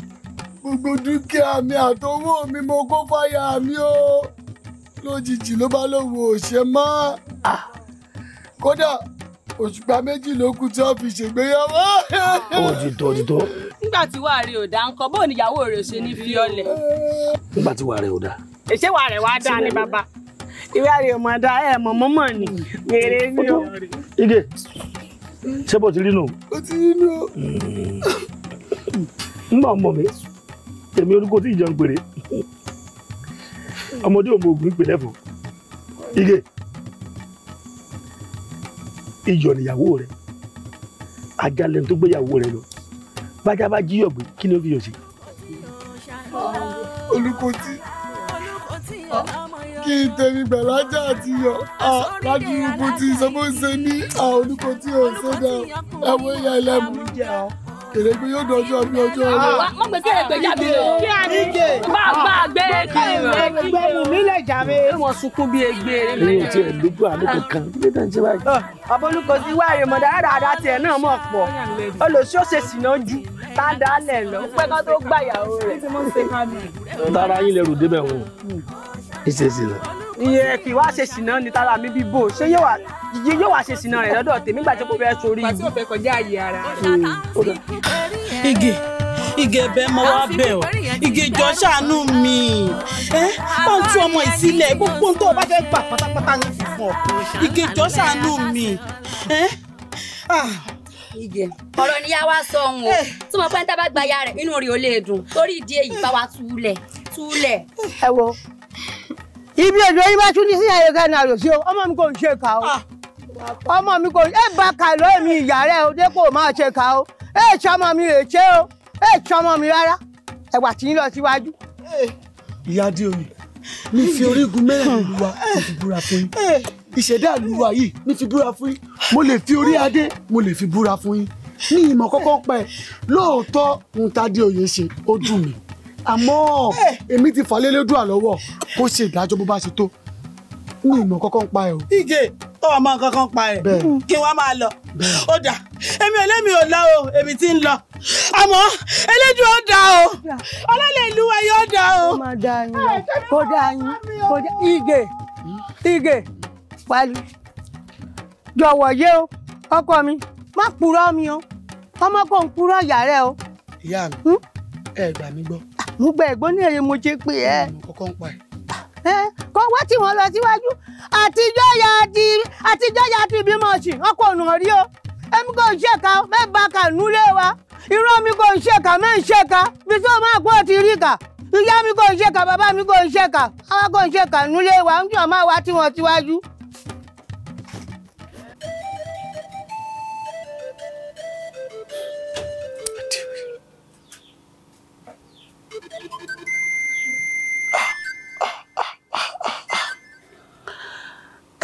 gbogbo dúkìá mi àtọwọ́ mi mo kó fáyà mi o lójijì ló bá lówó òṣè mọ́ kódà òṣùpá méjì ló kù tí wọn fi ṣègbéyàwó. òtítọ́ òtítọ́. nígbà tí wàá rí ọ̀dà ńkọ́ bóun ìyàwó rẹ̀ ṣe ní fi ọlẹ̀. nígbà tí wàá rí ọ̀dà ṣé wàá rẹ̀ wàá dáa ní bàbá ìwé àrè ọmọ dá ẹ mọ mọmọ ni wèrè ni o. Ige ṣé bó ti rí nù. ó ti rí nù. nígbà ọmọ mi èmi orúkọ tí ìjọ ń pèrè ọmọdé òmò ògùn pè lẹ́fọ̀ Ige ìjọ nìyàwó rẹ àjálẹ̀ tó gbéyàwó rẹ lọ bájá bá jíyọ̀ gbé kí ni ó fi yọ̀ sí. olùkọ́ tí kí n tẹ̀mí gbàlájà àti yọ láti rúkú tí ìsọmọ́sẹ́ ní àwọn oníkó tí ò ń sọ́dọ̀ ẹ̀wọ̀n ìyá ẹlẹ́mú èrègbè yóò dọjú ọbí ọjọ́ rẹ. mo gbèsè èrègbè jáde o bá a gbà gbé kiri. gbẹ mú mi lẹ jà mi. wọn sunkún bí egbe. èyí ò tiẹ̀ lójú àánú kankan kí ló dàn jẹ́ báyìí. ọ̀bọ̀lùkọ sí wáyé mọ̀ dáadáa tiẹ̀ náà mọ̀ pọ̀ olùsọ́sẹ̀ sì náà jù tá a dá lẹ̀ lọ pẹ́ kó tó gbàyàwó rẹ̀. tara yín lẹ́rù débẹ̀ wọn ṣe ṣìnà. iye kì í wá ṣe ṣìnà ni tára mi bí bò ṣé yóò wá ṣe ṣìnà rẹ lọ́dọ̀ tèmi gbà tí kò fẹ́ sórí ibu. pàtí kọjá àyè ara. Hmm, igi igi ẹbẹ mo wá bẹ̀ ọ́ igi ìjọ ṣàánú mi ẹ bá ń tú ọmọ ìsílẹ̀ gbogbo tó o bá fẹ́ gbà pátápátá ní fífọ igi ìjọ ṣàánú mi ẹ ìgè ọ̀rọ̀ ni yá wá sọ òun o tí mo pẹ́ ń tábà gba ya rẹ̀ inú rẹ̀ ò lè dùn torí ìdí èyí bá wa túlẹ̀ túlẹ̀. ẹ wo ibi òjò yín bá tún ní sí ayé kan àrò sí o ọmọ mi kò ń ṣe kà o ah. ọmọ mi kò ẹ bá kà lọ èmi ìyá rẹ o dépò máa ṣe kà o ẹ ṣe ọmọ mi rè ṣe o ẹ ṣe ọmọ mi rárá ẹwà tí ń lọ síwájú. Eh. ìyá Adéoyè ní fi orígun mẹ́rẹ̀ẹ̀rin lu wa kò fi búra fún yín eh. ìṣẹ̀dá lu wa yìí ní fi búra fún yín mo lè fi orí adé mo lè fi búra fún yín ní ìmọ̀ kọ́kọ́ pẹ́ lóòótọ́ ohun tá Adéoyè ṣe ó dùn mí àmọ́ eh, èmi ti fà lélẹ́dùn àlọ́wọ́ kó ṣe ìdájọ́ bó bá ṣe tó ní ìmọ̀ kankan pa ẹ̀ o. ìgè ó wà mọ kankan pa ẹ̀ kí wọ́n máa lọ ó dà èmi ẹlẹ́mi ò lọ o èmi ti ń lọ àmọ́ ẹlẹ́dùn ó dà o ọlọ́lẹ̀ ìlú wa yóò dà o. ó máa da yín lọ kó da yín kó da ìgè ìgè pálí jọ̀wọ́ yé o ọkọ mi má purọ́ mi o ọmọ kò ń purọ́ ìyá o. ìyá mi hm? ẹ gbà mí gbọ́ mo gba ẹ̀gbọ́n ní ẹ̀yẹ mo ṣe pé ẹ. Mm, kọ́kọ́ ń pa ẹ̀. ẹ kọ́ wá tí wọ́n lọ síwájú àtijọ́ ya ti àtijọ́ ya ti bímọ sí ọkọ̀ ọ̀nà rí o èmi kò ń ṣèkà mẹ́ba kà núlé wa irú mi kò ń ṣèkà mẹ́ ń ṣèkà bí tó máa pọ̀ ti rí kà ìyá mi kò ń ṣèkà bàbá mi kò ń ṣèkà àwa kò ń ṣèkà núlé wa ń jọ máa wá tí wọ́n síwájú.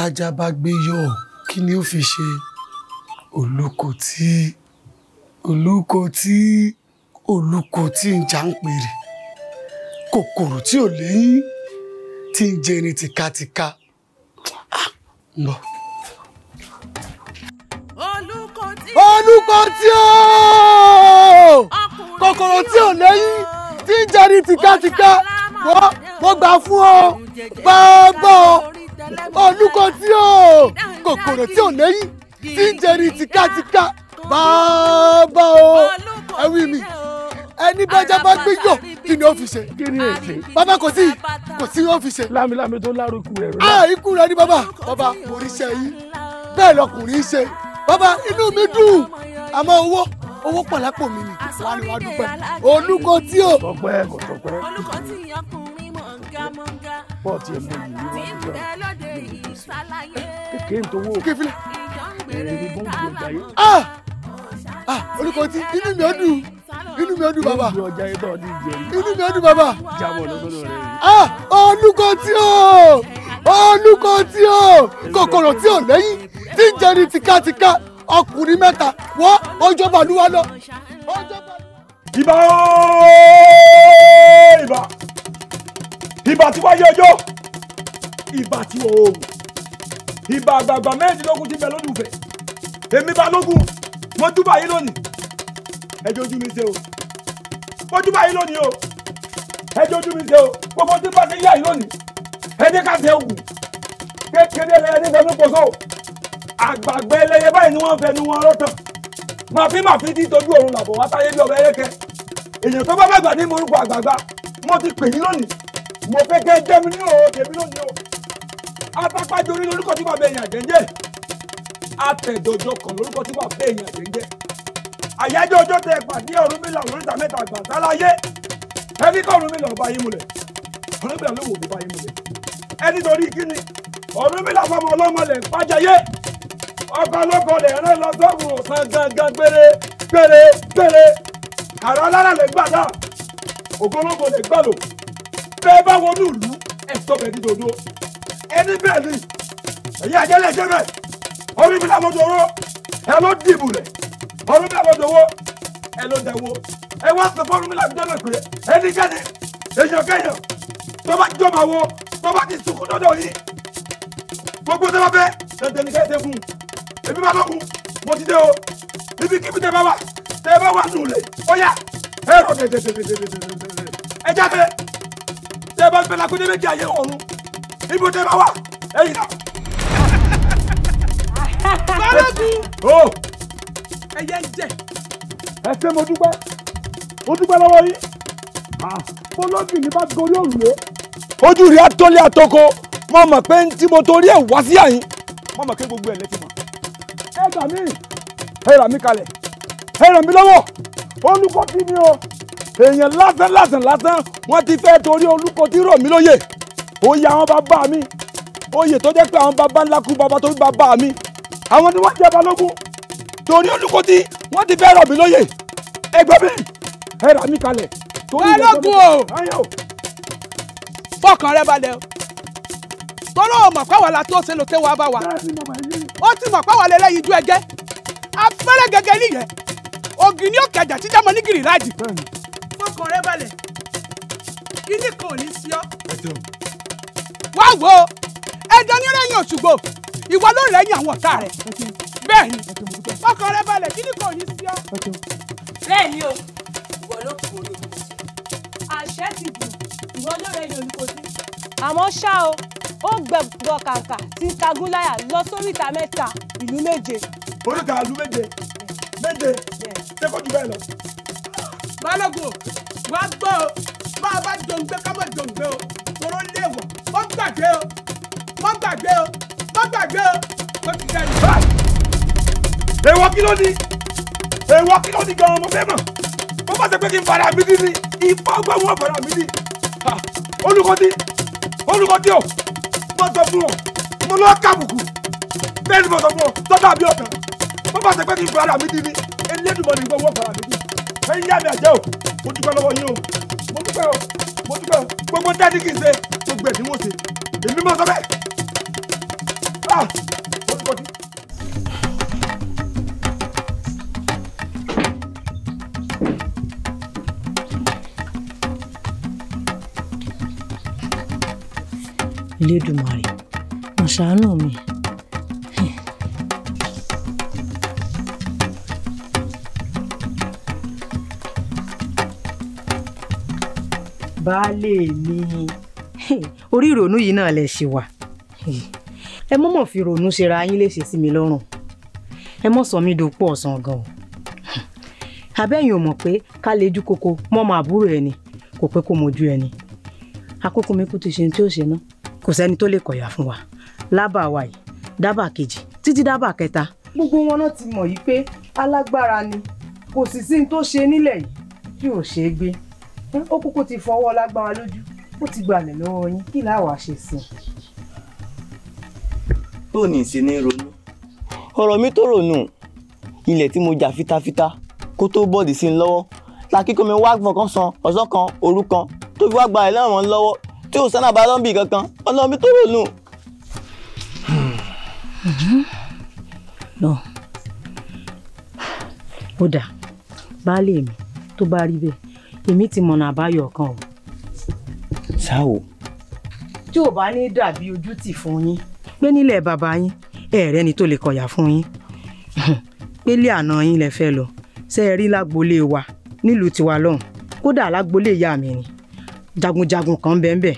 tájà bá gbé yọ kí ni ó fi ṣe olùkọ tí olùkọ tí olùkọ tí ń jà ń pèrè kòkòrò tí ò léyìn tí ń jẹrin tìkatìka ah, lọ. olùkọ tí ó kòkòrò tí ò léyìn tí ń jẹrin tìkatìka wọ́n gbà fún ọ gbọ́ gbọ́ olùkọ́ tí ó kòkòrò tí ò lẹ́yìn tí ń jẹni tìkátìká bàbá o ẹ wí mi ẹni bẹ́jẹ́ bá gbé yọ kí ni ó fi ṣe. kí ni ó fi ṣe. bàbá kò sí kò sí ó fi ṣe. lámilámi tó lárúkú rẹ. a ikú rẹ ni bàbá bàbá kò rí iṣẹ́ yìí bẹ́ẹ̀ lọkùnrin ṣe bàbá inú mi dùn àmọ́ owó owó pọ̀ lápò mi ni wà ní wà dúpẹ́ olùkọ́ tí o. tọpẹ kò tọpẹ bọ́ọ̀ tí ẹ mú yìí ní wọn nígbà kékeré ntowó kéfìlà èrè ní bọ́ǹbù ọjà yìí. Ah! Ah! olùkọ́ ti inú mi ò dùn inú mi ò dùn bàbá inú mi ò dùn bàbá ah! olùkọ́ tí o olùkọ́ tí o kòkòrò tí o lẹ́yìn tí ń jẹni tìkatìka ọkùnrin mẹ́ta wọ́n ọjọ́ bàlúwa lọ. ìbà ìbà ìbà tí wáyé ọjọ́ ìbà tí oòrùn ìbà àgbààgbà mẹ́rìndínlógún ti bẹ lólùfẹ́ èmi balógun mo júbà yín lónìí ẹjọ́ ojú mi ṣe o mo júbà yín lónìí o ẹjọ́ ojú mi ṣe o gbogbo tí bá ti yá yín lónìí ẹni ká ṣe ògùn kékeré ẹni fẹnu pọ̀ṣọ́ àgbààgbà ẹlẹ́yẹ báyìí ni wọ́n fẹnu wọn rọ́tàn màfi màfi ti tọ́jú òrùn làbọ̀ wá táyé bí ọbẹ̀ ẹlẹ́kẹ èèyàn tó bá bàgbà ní morúkọ àgbààgbà mo ti pè yín lónìí mo fẹ́ kẹ́ jẹ́ mi ní o tèmi lónìí o apápájorí lórúkọ tí wàá bẹ èèyàn jẹ́ńjẹ́ atẹ̀dọ̀jọ kan lórúkọ tí wàá bẹ èèyàn jẹ́ńjẹ́ àyájọ́ ọjọ́ tẹ pàdé Ọ̀rúnmìlà òrìṣà mẹ́ta àgbà sáláyé ẹni kọ́ Ọ̀rúnmìlà ọba yín mulẹ̀ Ọ̀rúnmìlà ló wò ó bá yín mulẹ̀ ẹni torí kíni Ọ̀rúnmìlà fọmọ ọlọ́mọ lẹ̀ pàjẹyé ọkọ ọlọ́kọ lẹ̀ rẹ́ lọ sọ́ọ̀bù ọ̀sán gangan gbére gbére gbére àrà alára lè gbàdá ògbólógbò lè gbàlò bẹ́ẹ̀ bá wọnú ìlú ẹ̀ sọ̀bẹ̀ ní dòdò ẹni bẹ́ẹ̀ ni ẹ̀yin àjẹlẹ̀ jẹ́ bẹ́ẹ̀ orí mi làwọn dòwó ẹ ló dìbò rẹ̀ orí mi làwọn dòwó ẹ ló dẹ̀wó ẹ wá sọ fún orí mi làwọn dòwó pé ẹnikẹ́ni èèyàn kẹ́yàn tó bá jọ máa wo tó bá ti sunkún dọ́dọ̀ yìí gbogbo tó bá fẹ́ dandan ní kẹ́tẹ́ fún un èmi máa lọ́kùn mo ti dé o ibi kíbi tẹ bá wà tẹ bá wà nù lẹ̀ ó yá ẹ rọ dẹ̀dẹ̀dẹ̀dẹ̀dẹ̀dẹ̀ ẹ jáde tẹ́ bá bẹ̀rẹ̀ akúndé méjì ayé ọ̀run ibo tẹ́ bá wà ẹ̀yìn náà. balógun ẹyẹ ń jẹ. ẹ ṣé mo dúpẹ́ mo dúpẹ́ lọ́wọ́ yín bọ́lọ́gì ní bá gorí òrùlé. ojú rí atọ́lé atọ́kọ mo mọ̀ pé tí mo torí ẹ̀ wá sí àyín mo mọ̀ pé gbogbo ẹ̀ lẹ́tì mọ̀. ẹ gbà mí ẹ rà mí kalẹ̀ ẹ ràn mí lọ́wọ́ olùkọ́ kí ni o èèyàn lásán lásán lásán wọ́n ti fẹ́ torí olúkọ tí rọ̀ mí lóyè oyè àwọn bàbá mi oyè tó jẹ́ pé àwọn bàbá ńlá kú bàbá tó bí bàbá mi àwọn ni wọ́n jẹ́ balógun torí olúkọ tí wọ́n ti fẹ́ rọ̀ mí lóyè ẹgbẹ́ mi ẹ rà mí kalẹ̀. balógun o fọkàn rẹ balẹ̀ o torí o mọ̀ tó ṣe ló tẹ́ bá wa ó ti mọ̀ pàwọ́ lẹ́lẹ́ yìí ẹgẹ́ afẹ́rẹ́ gẹ́gẹ́ nìyẹn ògì ni ó kẹjà tí jámọ́ ní gìrì láàjì fọkàn rẹ balẹ̀ kíní kan ò ní sí ọ. wá wo ẹ̀dá ní rẹ̀yìn òṣùgbò ìwọ ló rẹ̀yìn àwọn ọ̀tá rẹ̀ bẹ́ẹ̀ ni fọkàn rẹ balẹ̀ kíní kan ò ní sí ọ. bẹ́ẹ̀ ni o ìwọ ló kù orí omi àṣẹ ti dùn ìwọ ló rẹ̀yìn olùkọ́sí. àmọ́ ṣá o ó gbẹ̀gbọ̀ kàǹkà tí tagúnláyà lọ sórí ìta mẹ́ta ìlú méje. oríta ìlú méje méje ṣé kò jù bẹ́ẹ̀ lọ balógun wàá gbọ́ o bá a bá jòǹgbé ká mọ̀ jòǹgbé o tóró léèwọ̀ wọ́n gbàgbé o wọ́n gbàgbé o wọ́n gbàgbé o wọ́n ti dẹ́nu. èèwọ̀ kí ló ní èèwọ̀ kí ló ní gan-an mo fẹ́ mọ̀ mo bá ṣe pé kí n fara mi dí ìfọ́ gbọ́ wọn fara mi dí olùkọ́tí olùkọ́tí o mo sọ fún ọ mo lọ kàbùkù bẹ́ẹ̀ ni mo sọ fún ọ tọ́jú àbí ọ̀tàn mo bá ṣe pé kí n fara mi dí ni elédùnmọ̀ ni gbọ́ wọn fara mi dí ẹ̀yin yá mi àjẹ́ o mo dúpẹ́ lọ́wọ́ yín o mo dúpẹ́ o mo dúpẹ́ gbogbo dání kì í ṣe gbogbo ẹ̀ ní wọ́n ṣe èmi mọ̀ sọ́bẹ̀ ah mo dúpẹ́ tí. Elédùmarè mà ṣàánú mi. baálé mi orí ìrònú yìí náà lè ṣe wà ẹ mọ́ mọ̀ fi rònú ṣera yín léṣe sí mi lọ́rùn ẹ mọ̀ sọ mí dopò ọ̀sán gan o abẹ́yìn ò mọ̀ pé ká lè ju koko mọ́ máa búrò ẹni kò pé kó mojú ẹni àkókò mi kú ti ṣe ní tí ó ṣe náà kò sẹ́ni tó lè kọ̀yà fún wa lábàá wa yìí dábàá kejì títí dábàá kẹta gbogbo wọn náà ti mọ̀ yìí pé alágbára ni kò sì sí ní tó ṣe nílẹ̀ yìí tí ò ṣeé gbé ó kúkú ti fọwọ́ lágbára lójú ó ti gbalẹ̀ lọ́wọ́ yín kí láwàá ṣe sí i. tó ní ìsinmi ronú ọ̀rọ̀ mi tó ronú ilẹ̀ tí mo jà fitafita kó tó bọ́ọ̀dì sí i lọ́wọ́ làkíkọ́ mi wá fọkàn san ọ̀sán kan òru kan tó fi wá gba ẹ̀ lọ́rùn lọ́wọ́ tí ò sánà bá lọ́nbì kankan ọ̀nà mi tó ronú. ó dà baálé mi tó bá rí bẹ́ẹ̀ èmi ti mọ̀nà àbáyọ kan o. ṣá o. tí ò bá ní dàbí ojú tì fún yín pé nílẹ̀ bàbá yín ẹ̀ẹ́rẹ́ ni tó lè kọ̀yà fún yín (laughs) pé lé àná yín lẹ fẹ́ lọ ṣe é rí lágboolé wa nílùú tiwa lọ́hùn kódà lágboolé ìyá mi ni jagunjagun kan bẹ́ẹ̀ bẹ́ẹ̀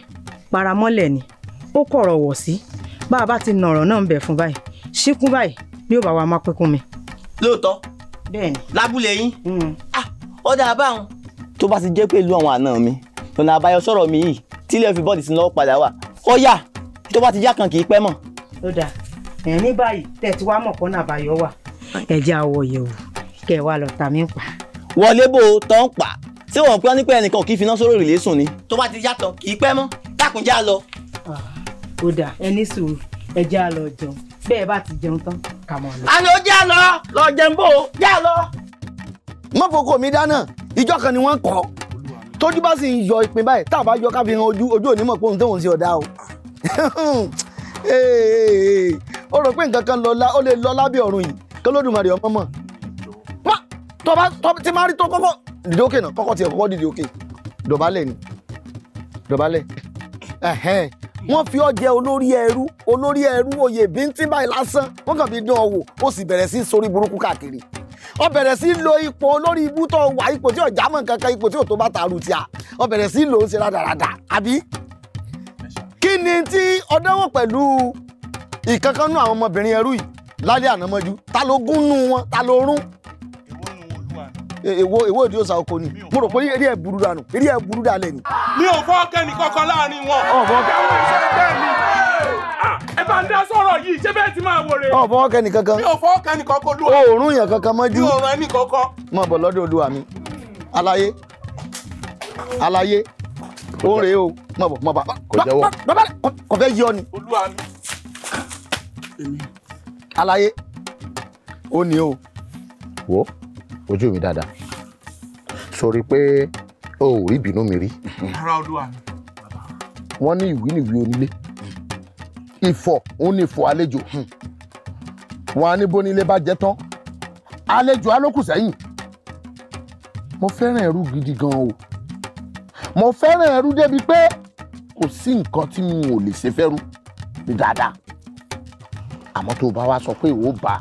paramọ́lẹ̀ ni ó kọ̀rọ̀ wọ̀ sí bá a bá ti nọ̀rọ̀ náà ń bẹ̀ fún báyìí ṣíkún báyìí ni ó bá wa máa pínkún mi. lóòótọ́ bẹ́ẹ̀ ni lábúlé yín ọ̀dà hmm. ah, àbáhùn tó bá ti jẹ́ pẹ̀lú àwọn àna mi ọ̀nà àbáyọ sọ̀rọ̀ mi yìí tílẹ̀ fi bọ́ọ̀dì sí lọ́wọ́ padà wà ó yá tó bá ti yá kan kì í pẹ́ mọ̀. ó dà ẹ̀ ní báyìí tẹ̀ tí wàá mọ̀ kọ́nà àbáyọ wà ẹ jẹ́ àwọ̀ yẹ̀wò kẹ́ ẹ wá lọ tà mí pa. wọlé bò ó tán pa tí wọn pẹ́ nípa ẹnìkan kì í finá sórí òrìlé sùn ni. tó bá ti yàtọ̀ kì í pẹ́ mọ́ dákúnjá lọ. Ah, ó dà ẹ ní sùúrù ẹ jẹ́ àlọ́ jẹun bẹ́ẹ̀ bá ti jẹun tán kà mọ́ lọ. àná jẹ́ àlọ́ lọ jẹun bò ó jẹ́ àlọ́ mọ́fokò mi dáná ìjọ kan ni wọ́n kọ́ tójú bá sì ń yọ ìpín báyìí tá a bá yọ ká fi hàn ojú ojú onímọ̀ pé òun tóun sí ọ̀dà o (laughs) ó rò pé nǹkan kan lọ́la ó lè lọ lábẹ́ ọ̀run yìí kí Olódùmarè ọmọ mọ̀ wá tọba tí máa rí tó kọ́kọ́ dìde òkè náà kọ́kọ́ tiẹ̀ kọ́kọ́ dìde òkè dọ̀bálẹ̀ ni dọ̀bálẹ̀ wọ́n fi ọ́ jẹ olórí ẹrú olórí ẹrú oyè bíntín báyìí lásán wọ́n kàn fi dán ọ wò ó sì bẹ̀rẹ̀ sí í burúkú káàkiri ó bẹ̀rẹ̀ sí lo ipò olórí ibú tó wà ipò tí ọ̀já mọ̀ kankan ipò tí ò tó bá ta àrùn tíya ó bẹ̀rẹ̀ sí lò ó ṣe rádaràdà àbí. kí ni tí ọdẹ́wọ̀ pẹ̀lú ìkankanú àwọn ọmọbìnrin ẹrú yìí lálẹ́ ànámọ́jú ta ló gún nú wọn ta ló rún èwo e, èwo èdè òsà oko ni mo rò pé eré ẹ burú dànù eré ẹ burú dàlẹ ni. mi ò fọ́ kẹ́ni kankan láàrin wọn. ọ̀fọ̀ ẹ bá ń dá sọ̀rọ̀ yìí ṣé bẹ́ẹ̀ ti máa wòrè. ọ̀ fọwọ́ kẹ́ni kankan. mi ò fọwọ́ kẹ́ni kankan olúwa. oòrùn yẹn kankan mọ́jú. mi ò ẹni kankan. mo bọ̀ lọ́dọ̀ olúwa mi aláyé aláyé ó o mo bọ̀ mo bà. kò jẹ́wọ́ kò fẹ́ yọ ni. olúwa mi. aláyé ó ní o. wo ojú mi dáadáa sori pé o ò rí ìbínú mi rí. ara olúwa mi. wọ́n ní ìwé nìwé onílé ìfọ̀ òun ni ìfọ̀ àlejò hmm. wọn á ní bó nílé bá jẹ tán àlejò alókù sẹ́yìn mo fẹ́ràn ẹrú gidi gan o mo fẹ́ràn ẹrú débi pé kò sí nǹkan tí mi ò lè ṣe fẹ́rú ní dáadáa àmọ́ tó o bá wá sọ pé ìwọ bá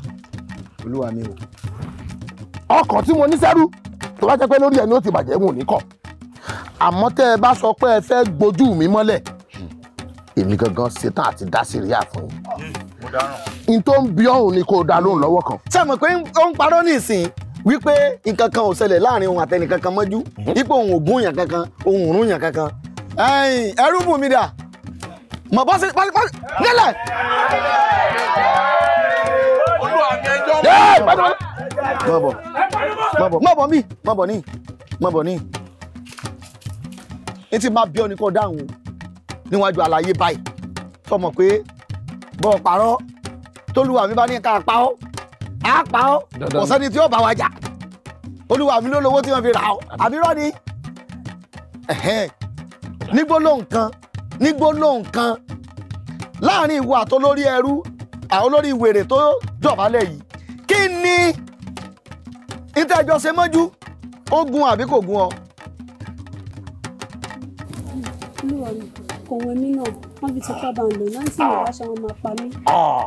olúwa mi o ọkàn tí mo ní sẹ́rú tó bá jẹ́ pé lórí ẹni ó ti bàjẹ́ wọn ò ní kọ̀ àmọ́ tẹ́ ẹ bá sọ pé ẹ fẹ́ gbójú mi mọ́lẹ̀ èmi gangan ṣetán àti dá síríà fún yín. n tó ń bí ọ̀hún ni kò dá lóhùn lọ́wọ́ kan. ṣé mo pé ó ń parọ́ ní ìsìn wípé nǹkan kan ò ṣẹlẹ̀ láàrin òun àtẹnì kankan mọ́jú mhm. wípé òun ò bún yàn kankan òun ò rún yàn kankan. ẹrú bù mí dà mọ̀ bọ́ sí pálípálí nílẹ̀. olúwa mi ẹjọ́ mọ́. mọ̀bọ̀ mọ̀bọ̀ mọ̀bọ̀ mi mọ̀bọ̀ ní mọ̀bọ̀ ní. etí máa bí ọ ni kò dáhùn o níwájú àlàyé báyìí sọmọ pé bọ́ọ̀ parọ́ tólúwa mi bá ní ká pa ọ́ á pa ọ́ kò tí ó bá wa jà olúwa mi ló lówó tí wọ́n fi rà ọ́ àbí rọ́ ni nígbóló nǹkan nígbóló nǹkan láàrin ìwọ àtolórí ẹrú àwọn olórí wèrè tó jọ̀bálẹ̀ yìí kí ni ìtẹ́jọ́ ṣe mọ́jú ó gun àbí kò gun ọ kò wọ mí náà wọ́n fi tipa bá ń lò náà sì ní ìwáṣọ wọn máa pa mí. Ah.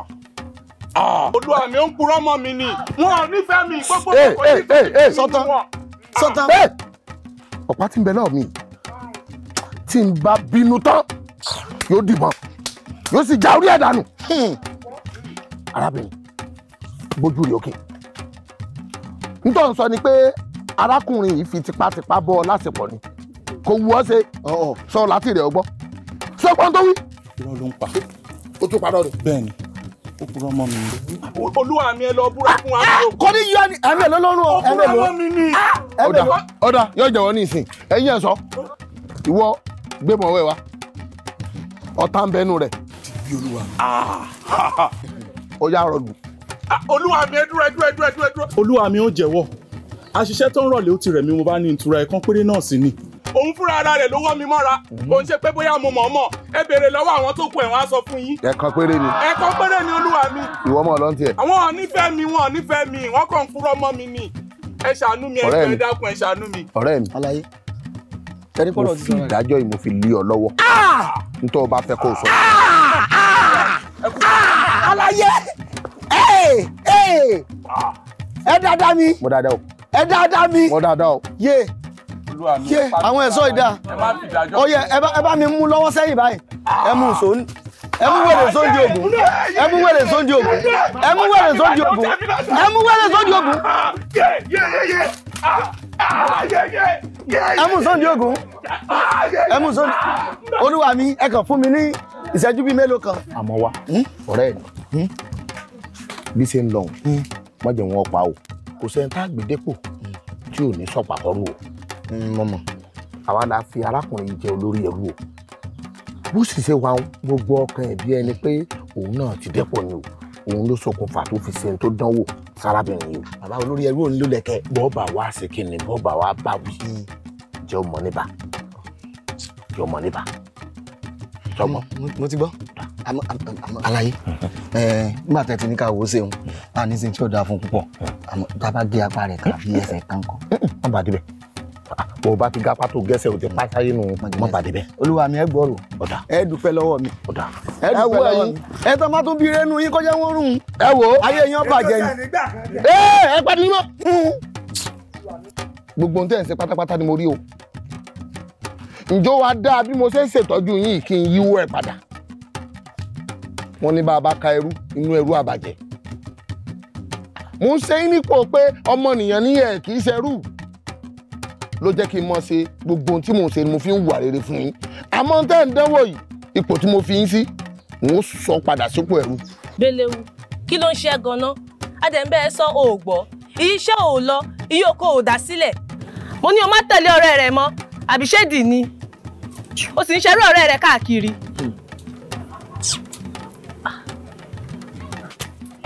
Ah. olúwa mi ń purọ́ mọ́ mi ni wọn ò nífẹ̀ẹ́ mi gbogbo kò ní kí n sọtán sọtán. ọ̀pá tí ń bẹ lọ́ọ̀ mi tí ń bá bínú tán yóò dìbọn yóò sì já orí ẹ̀ dànù. Hmm. arábìnrin gbójú rè òkè nítorí sọ ni pé arákùnrin yìí fi tipátipá bọ́ ọ lásìkò ni kò wú ọ ṣe oh, oh. sọ láti rẹ̀ ọgbọ́n ṣé pọ́n tó wí. irọ́ ló ń pa. o tún parọ́ rẹ̀. bẹ́ẹ̀ni ó purọ́ mọ́ mi ni. olúwa mi ẹ lọ búra fún wa. Ah, kò ní yọ ni àmì ẹ lọ́lọ́run o. ó purọ́ mọ́ mi ni. ọ̀dà ah, ọ̀dà yóò jẹ̀wọ́ ní ìsìn ẹ̀yin ẹ̀ sọ ìwọ gbẹ̀mọ̀ wẹ̀ wa ọ̀tá ń bẹnu rẹ̀. bí olúwa mi. Ah, (laughs) ó yá rọlù. olúwa mi ẹ dúró ẹ dúró ẹ dúró olúwa mi ó jẹ́wọ́ àṣìṣe tó ń rọ̀lẹ́ ó ti rẹ̀ mí mo bá ní ìtura ẹ̀kan péré náà sí ni. òun fúnra ara rẹ̀ ló wọ́ mi mọ́ra òun ṣe pé bóyá mo mọ̀ mọ̀ ẹ bèrè lọ́wọ́ àwọn tó kù ẹ̀ á sọ fún yín. Ẹ̀kọ́ péré ni. Ẹ̀kọ́ péré ni olúwa mi. ìwọ mọ̀ lọ́n tiẹ̀. àwọn mi wọn ọ̀nífẹ́ mi wọ́n kàn ń fúrọ́ mọ́ mi ni ẹ ṣàánú mi ẹ dákun ẹ ṣàánú mi. ọ̀rẹ́ mi mo fi mo fi lé ọ àwọn ẹ̀ṣọ́ ìdá ọyẹ ẹ bá mi mú lọ́wọ́ sẹ́yìn báyìí ẹ mú sóun ẹ mú wèrè sóńdì ògùn ẹ mú wèrè sóńdì ògùn ẹ mú wèrè sóńdì ògùn ẹ mú wèrè sóńdì ògùn ẹ mú sóńdì ògùn ẹ mú sóńdì olúwa mi ẹ kàn fún mi ní ìṣẹ́jú bíi mélòó kan. àmọ́ wa hmm? ọ̀rẹ́ ẹ̀ hmm? bí ṣe ń lọ wọ́n hmm? jẹ́ wọn pa o kò sẹ́ni tá a gbé dépò tí ò ní sọ̀pà kọ́rù o. Mm, mọ̀mọ́ àwa la fi arákùnrin yìí jẹ olórí ẹrú o bó sì ṣe wa gbogbo ọkàn ẹ̀bí ẹni pé òun náà ti dẹ́pọ̀ ni o òun ló ṣokùnfà tó fi ṣe tó dánwò sárábìnrin yìí o. bàbá olórí ẹrú òun ló lẹ̀kẹ́. bọ́ọ̀bà wa ṣe kí ni bọ́ọ̀bà wa bá wí jẹ́ ọmọ níbà jẹ́ ọmọ níbà sọgbọn. mo ti gbọ́ àlàyé (laughs) nígbà tẹ ti ní ká wo ṣeun a ní sin tí ó dáa fún púpọ̀ tá a bá gé apá rẹ̀ kàfi ẹsẹ̀ kankan. wọ́n bá bó o bá ti gápá tó gẹ́sẹ̀ o ti pa sáyé mọ́ bàdé bẹ́ẹ̀. olúwa mi ẹ ọ̀dà ẹ dúpẹ́ lọ́wọ́ mi ọ̀dà ẹ mi ẹ tún bí yín kọjá rùn ẹ wò ó gbogbo pátápátá ni mo rí o ǹjọ́ dáa bí mo ṣe ń ṣètọ́jú yín kí n ẹ̀ padà wọ́n ní bàbá a ka ẹrú inú ẹrú àbàjẹ́ mo ń ṣe nípò pé ọmọnìyàn ní kì ló jẹ́ kí n mọ̀ ṣe gbogbo ohun tí mò ń ṣe ni mo fi ń wà rere fún yín àmọ́ tẹ́ ń dánwò yìí ipò tí mo fi yín sí n ó sọ padà sípò ẹ̀rú. Bẹ́lẹ̀wu kí ló ń ṣe gan-an adẹ̀ǹbẹ́ sọ ò gbọ́ iṣẹ́ ò lọ iye oko ò dá sílẹ̀ mo ní o má tẹ̀lé ọ̀rẹ́ rẹ mọ́ àbíṣẹ́dì ni o sì ń ṣerú ọ̀rẹ́ rẹ káàkiri.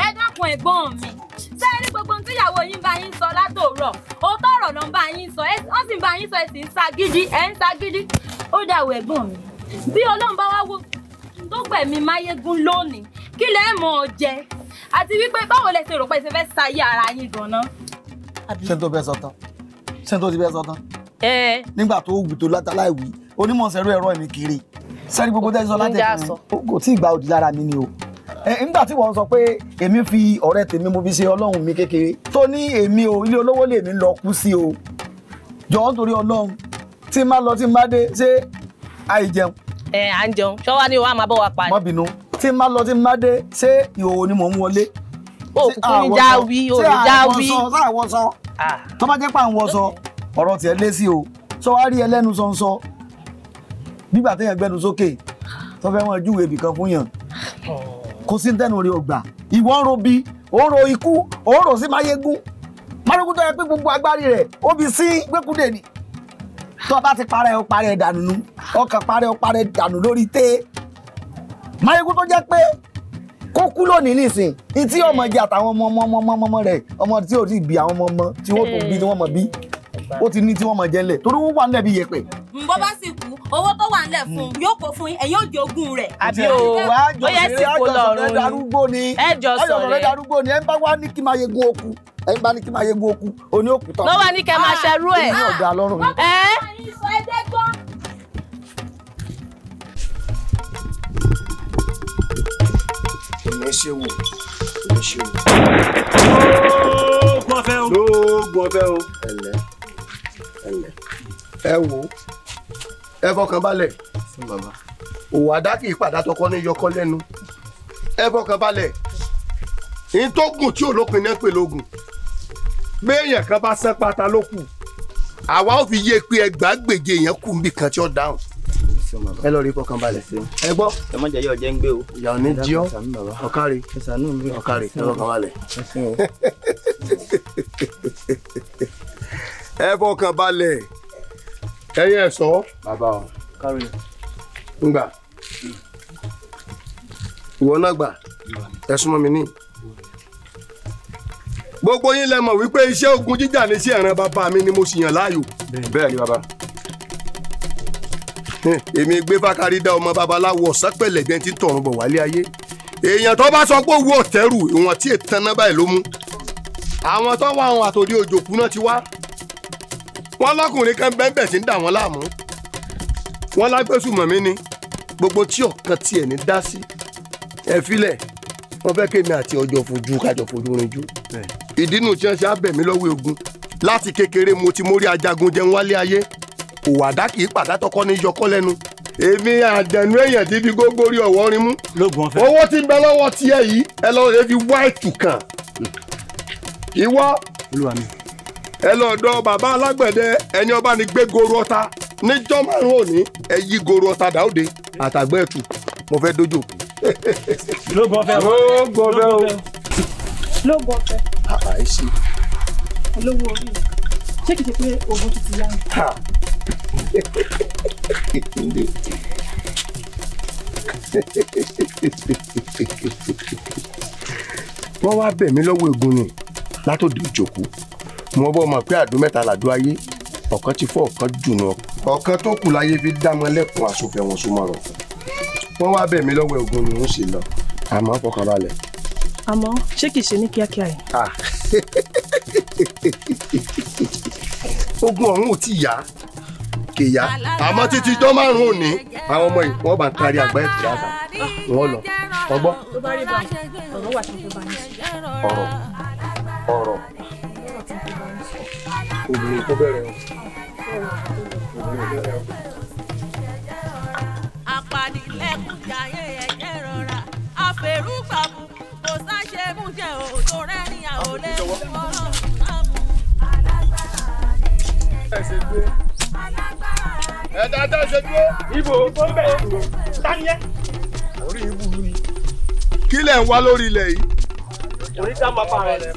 ẹ dákun ẹ̀gbọ́n mi sẹ́ẹ̀rí gbogbo ohun tíyàwó yín bá yín sọ látòórọ̀ òótọ́ ọ̀rọ̀ náà ń bá yín sọ wọ́n sì ń bá yín sọ ẹ sì ń sa gidi ẹ ń sa gidi ó dàwọ̀ ẹ̀gbọ́n mi bí ọlọ́run bá wá wo tó gbẹ̀mí máyégún lónìí kí lẹ́ mọ̀ ọ jẹ àti wípé báwo lẹ ṣe rò pé ṣe fẹ́ sayé ara yín gan-an. ṣé n tó fẹ́ sọ tán ṣé n tó ti fẹ́ sọ tán. nígbà tó wù tó látàláì wí onímọ̀ ṣẹ̀rú ẹ̀rọ mi kiri sẹ́ni gbogbo tẹ́sán látẹ̀kùn kò tí ì gba òdì lára mi ni o nígbà tí wọ́n sọ pé èmi fi ọ̀rẹ́ tèmi mo fi ṣe ọlọ́run mi kékeré tó ní èmi o ilé olówó lèmi lọ kú sí o jọ̀ọ́ nítorí ọlọ́run tí n bá lọ tí n bá dé ṣé àìjẹun. ẹ à ń jẹun ṣọwá ni o wa máa bọ wa pa ni. má bínú tí n bá lọ tí n dé ṣé ìhòòhò ni mò ń wọlé. o kò ní já wí o ní já wí. ṣé àwọn sọ tó bá jẹ́ pé àwọn sọ ọ̀rọ̀ tiẹ̀ lé sí o sọ wá rí ẹlẹ́nu sọ́nsọ́ nígbà téèyàn gbẹnu sókè tó fẹ́ wọn júwèé ibìkan fún yàn. Hmm kò sí tẹnu rẹ ọgbà ìwọ ń ro bí ó ń ro ikú ó ń ro sí mayegun mayegun tó yẹ pé gbogbo agbárí rẹ ó fi sí gbẹkúdè ni tó o bá ti parẹ́ o parẹ́ dànù nu ọkàn parẹ́ o parẹ́ dànù lórí té mayegun tó jẹ́ pé kó kú lónìí nísìn ní tí ọmọ jẹ àtàwọn ọmọ ọmọ ọmọ ọmọ rẹ ọmọ tí ò tí ì bí àwọn ọmọ ọmọ tí wọn tó bí ni wọn mọ bí ó ti ní tí wọ́n máa jẹ́ ńlẹ̀ torí wọ́n wà ńlẹ̀ bí yẹpẹ̀. bó bá sì kú owó tó wà ńlẹ̀ fún yóò kó fún ẹ̀yin ò jogún rẹ̀. àbí o ó yẹ sí kó lọ́rùn ni ẹ sọ̀rọ̀ ẹ darúgbó ni ẹ wá ní kí máa yegun okú ẹ ní kí máa yegun okú òní òkú lọ́wọ́ ni kẹ́ máa ah, ṣerú ẹ̀. èmi ọ̀dà lọ́rùn mi. Eh? ẹ ṣe wò o. lóògùn ọ̀fẹ́ ẹ wò ẹ fọkàn balẹ̀ òwò àdákì ìpàdà tọkọ ní yọkọ lẹ́nu ẹ fọkàn balẹ̀ ní tó gùn tí olópin náà pè lógùn béèyàn kan bá sán pátá ló kù àwa ò fi yé pé ẹgbàágbèje yẹn kù níbi kan tí ó dáhùn ẹ lọ rí fọkàn balẹ̀ ẹ gbọ́. ẹ má jẹ yọ jẹ ń gbé o. ìyá òní di ọ ọkàrí ọkàrí ẹ fọkàn balẹ̀. (laughs) ẹ fọkàn balẹ̀ ẹyin ẹ sọ. bàbá o kárí. ngbà ìwọ náà gbà ẹ súnmọ́ mi ní. gbogbo yín lẹ mọ̀ wípé iṣẹ́ ogun jíjà ní sí ẹ̀ràn bàbá mi ni mo sì yàn láàyò. bẹ́ẹ̀ ni bàbá. èmi gbé fákàrí dá ọmọ babaláwo ọ̀sán pẹ̀lẹ́ gbẹ́ tọ̀run bọ̀ wálé ayé èèyàn tó bá sọ pé owó ọ̀tẹ́rù ìwọ̀n tí ètò tán náà báyìí ló mú àwọn tó wá àwọn àtòdí òjòkú náà ti wá wọ́n lọ́kùnrin kan bẹ́ẹ̀ tí ń dà wọ́n láàmú wọ́n lágbésùmọ̀ mi ni gbogbo tí ọ̀kan tiẹ̀ ní dá sí ẹ filẹ̀ wọ́n fẹ́ kémi àti ọjọ́ fojú kájọ fojú rinjú ìdínú tí wọ́n ṣe abẹ̀mí lọ́wọ́ ogun láti kékeré mo ti mórí ajagun jẹun wálé ayé òwàdá kì í pàtàkọ́ ní yọkọ́ lẹ́nu èmi àdẹ̀nu èèyàn ti fi gógó rí ọ̀wọ́ rin mú owó tí ń bẹ lọ́wọ́ tiẹ̀ yìí ẹ lọ́ọ́ rẹ̀ fi wá ìtù kàn hmm. ìwọ ẹ lọ dọ bàbá alágbẹ̀dẹ ẹni ọba ni gbé goro ọta níjọ́ márùn òní ẹ yí goro ọta dáòde àtàgbẹ́ ẹ̀tù mo fẹ́ dojú. lóògùn ọfẹ o lóògùn ọfẹ o lóògùn ọfẹ. àìsí. olówó orí ṣé kìí ṣe pé oògùn tuntun yá mi. wọ́n wá bẹ̀ mí lọ́wọ́ egun ni látòdì ìjòkó mo bọ́ mọ̀ pé àdó mẹ́ta làdó ayé ọ̀kan ti fọ́ ọ̀kan jùnà ọ̀kan tó kù láyé fi dámọ lẹ́kùn àsopẹ̀ wọn súnmọ́rọ̀ wọ́n wá bẹ̀ mí lọ́wọ́ ogun ni wọ́n sì lọ àmọ́ fọkàn balẹ̀. àmọ́ ṣé kìí ṣe ní kíákíá yìí. ogun ọ̀run ò tí yá kì í yá àmọ́ títí jọ́ márùn-ún òní àwọn ọmọ yìí wọ́n bá ń kárí àgbá ẹ̀kí àgbà wọ́n lọ ọgbọ́n ọ̀rọ̀ ọ̀rọ̀ obìnrin tó bẹ̀rẹ̀ o. ẹ dáadáa ṣe dúró. ibo ibo ń bẹ̀ tániyẹ. orí ibu ni. kí lẹ̀ ń wá lórí ilẹ̀ yìí. orí dá bàbá rẹ̀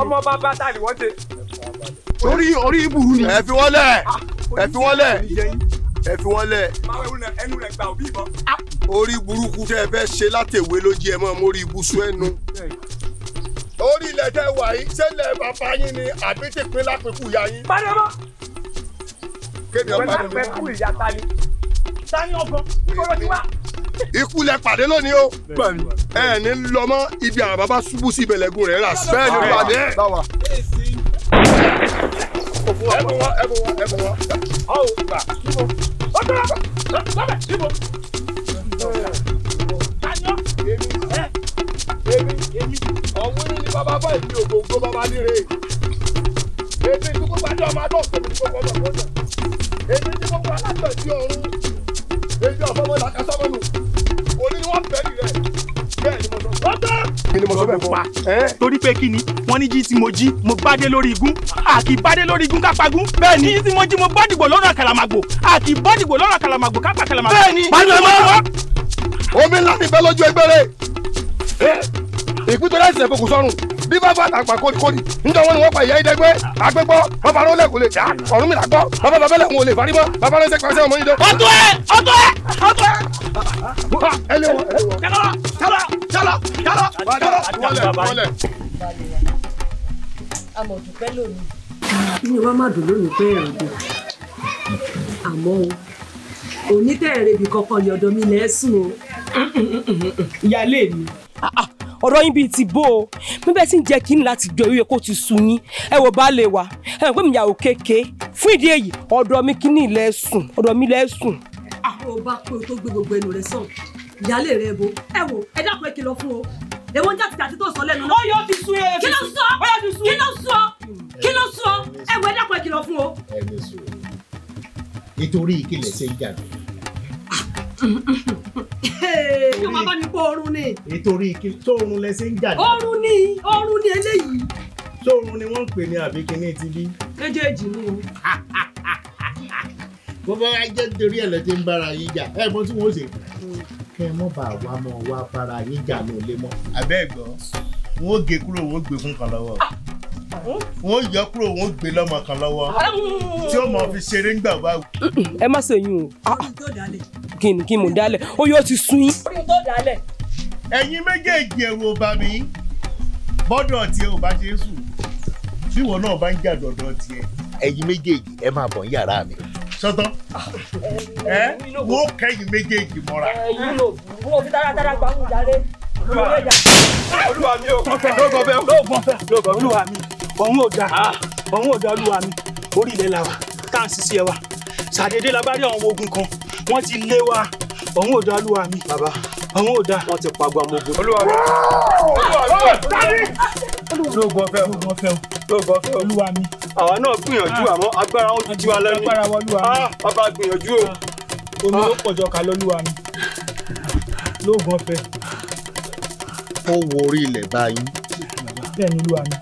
ọmọ bàbá tá a orí orí ibùrú ni. ẹ fi wọ́n lẹ̀ ah, ẹ fi wọ́n lẹ̀ ẹ fi wọ́n lẹ̀. Ah. orí burúkú tẹ́ ẹ fẹ́ ṣe látẹ̀wé ló jí ẹ mọ́ mórí ibùsùn ẹnu. orí ilẹ̀ tẹ́ wà yìí sẹ́lẹ̀ bàbá yín ni àbí tèpín lápẹ̀kù ìyá yín. bàdàbọ̀ kéde ọba tó ń bọ̀. ìyá ta ni ta ni ọgbọ́n nígbọ́dọ̀ ti wá ikú lẹ pàdé lónìí o ẹ ní lọmọ ibi àwọn ṣubú sí ìbẹ̀lẹ̀gùn rẹ̀ rà bẹ́ẹ̀ ni pàdé. Everyone, everyone, everyone. Oh, back. Sibo. Stop it. Sibo. Tanyo. Èmi. Eh. Èmi. Èmi. Ọ̀wọ́n ní bàbá báyìí ní ògbóngbó bàbá níre. Èmi tí gbogbo àjọ máa dọ̀ tóbi tí gbogbo ọmọ ọ̀gbọ́n. Èmi tí gbogbo alájọ ìdí ọ̀run. Èmi ọ̀fọ́mọ́ làkàtọ́mọ́nù. Òní ni wọ́n bẹ̀ kí ni mo sọ bẹ́ẹ̀ torí pé kí ni wọ́n ní jí tí mo jí mo bádé lórí igun a kì í bádé lórí igun kápagún. bẹ́ẹ̀ ni jí tí mo jí mo bọ́dìgbò lọ́nà kàlàmàgbò a kì í bọ́dìgbò kàlàmàgbò kápá kàlàmàgbò. bẹ́ẹ̀ ni pàdánù omi ńlá ti bẹ́ lójú ẹgbẹ́rẹ́ ìpín tó dá ìsìn sọ́run bí bá bá làgbà kórìkórì níjọ́ wọn ni wọ́n pa ìyá ìdẹ́gbẹ́ agbẹ́gbọ́ bàbá rẹ olè kò lè já ọ̀run mi là gbọ́ bàbá bàbá lẹ̀ wọn ò lè farí mọ́ bàbá rẹ sẹ́kọ̀ọ́ sẹ́wọ̀n mọ́ yín dé. ọ̀tọ̀ ẹ ọ̀tọ̀ ẹ ọ̀tọ̀ ẹ. ẹ lé wọn. tálọ tálọ tálọ tálọ tálọ wọlé wọlé. ní wàá má dùn lónìí pé ẹ̀rọ dùn àmọ́ onítẹ̀rẹ̀bì kọ̀ọ̀kan yọ̀dọ̀ mi lẹ́sùn o. ìyáálé mi. Ah, ah ọ̀rọ̀ yín bíi ti bó o bí bẹ́ẹ̀ sì ń jẹ́ kí n láti jọ ìwé kó ti sun yín ẹ wò bá lè wà ẹ pé mi yàwó kéke fún ìdí èyí ọ̀dọ̀ mi kí ní ilẹ̀ sùn ọ̀dọ̀ mi lẹ̀ sùn. àwọn ọba pé o tó gbé gbogbo ẹnu rẹ sàn ìyáálé rẹ bo ẹ wo ẹ dákun ẹ kìlọ̀ fún o èwo ń jáde àti tó sọ lẹ́nu náà. ọyọ ti sun ẹ e. kí ló e. sọ kí ló sọ kí ló sọ ẹ wo ẹ dákun ẹ kìlọ̀ fún o. ẹ ní sùn nítorí ìkìlẹ̀ ṣe ń jáde kí wọ́n bá ní kó oorun ni. nítorí kí tóorun lẹ ṣe ń jà. oorun ni oorun ni eléyìí. tóorun ni wọ́n ń pè ní àbí kíní ti bí. méjèèjì ni o. bó bá wá jẹ́ torí ẹ̀ lọ ti ń bára yín jà ẹ̀ mọ́ tí wọ́n ṣe. kẹ́ ẹ mọ́ bá wa mọ́ wa bára yín jà ló lé mọ́. àbẹ́ ẹ̀gbọ́n wọn ò gé e kúrò wọn ò gbé fún kan lọ́wọ́ wọn yọ kúrò wọn gbé lọ́mọ kan lọ́wọ́ tí ó mọ fi ṣeré ńgbà wá. ẹ má ṣe yún o kí ni kí mo dálẹ̀ ó yóò ti sún yín. orí tó dálẹ̀. ẹ̀yin méjèèjì ẹ̀rù ò bà bọ́dọ̀ tiẹ̀ ò bá ṣe é ìwọ náà bá ń jà dọ̀dọ̀ tiẹ̀. ẹ̀yin méjèèjì ẹ máa bọ̀ ní yàrá mi. sọ́tọ̀ ẹ wo kẹ́yìn méjèèjì mọ́ra. ẹ̀yin lò wọ́n fi táratára gbà wù jáde. olúwa mi òun ò da òun ah. ò da olúwa mi orí ilẹ̀ la wa tá à ń ṣiṣẹ́ wa ṣàdédé la bá rí àwọn ogun kan wọ́n ti lé wa ọ̀hún ò dá olúwa mi. bàbá ọ̀hún ò dá. wọ́n ti pa gbọ́ ọmọ ogun. olúwa mi olóògùn ọ̀fẹ́ o olóògùn ọ̀fẹ́ o olóògùn ọ̀fẹ́ o olúwa mi. àwa náà gbìyànjú àmọ́ agbára wọn ti jí wa lẹ́nu. agbára wọn olúwa mi. ọba gbìyànjú o. omi ó pọ̀jọ ká lọ́lúwa mi. olóògùn ọ̀fẹ́. ó wo orí ilẹ̀ báyìí. bẹ́ẹ̀ ni olúwa mi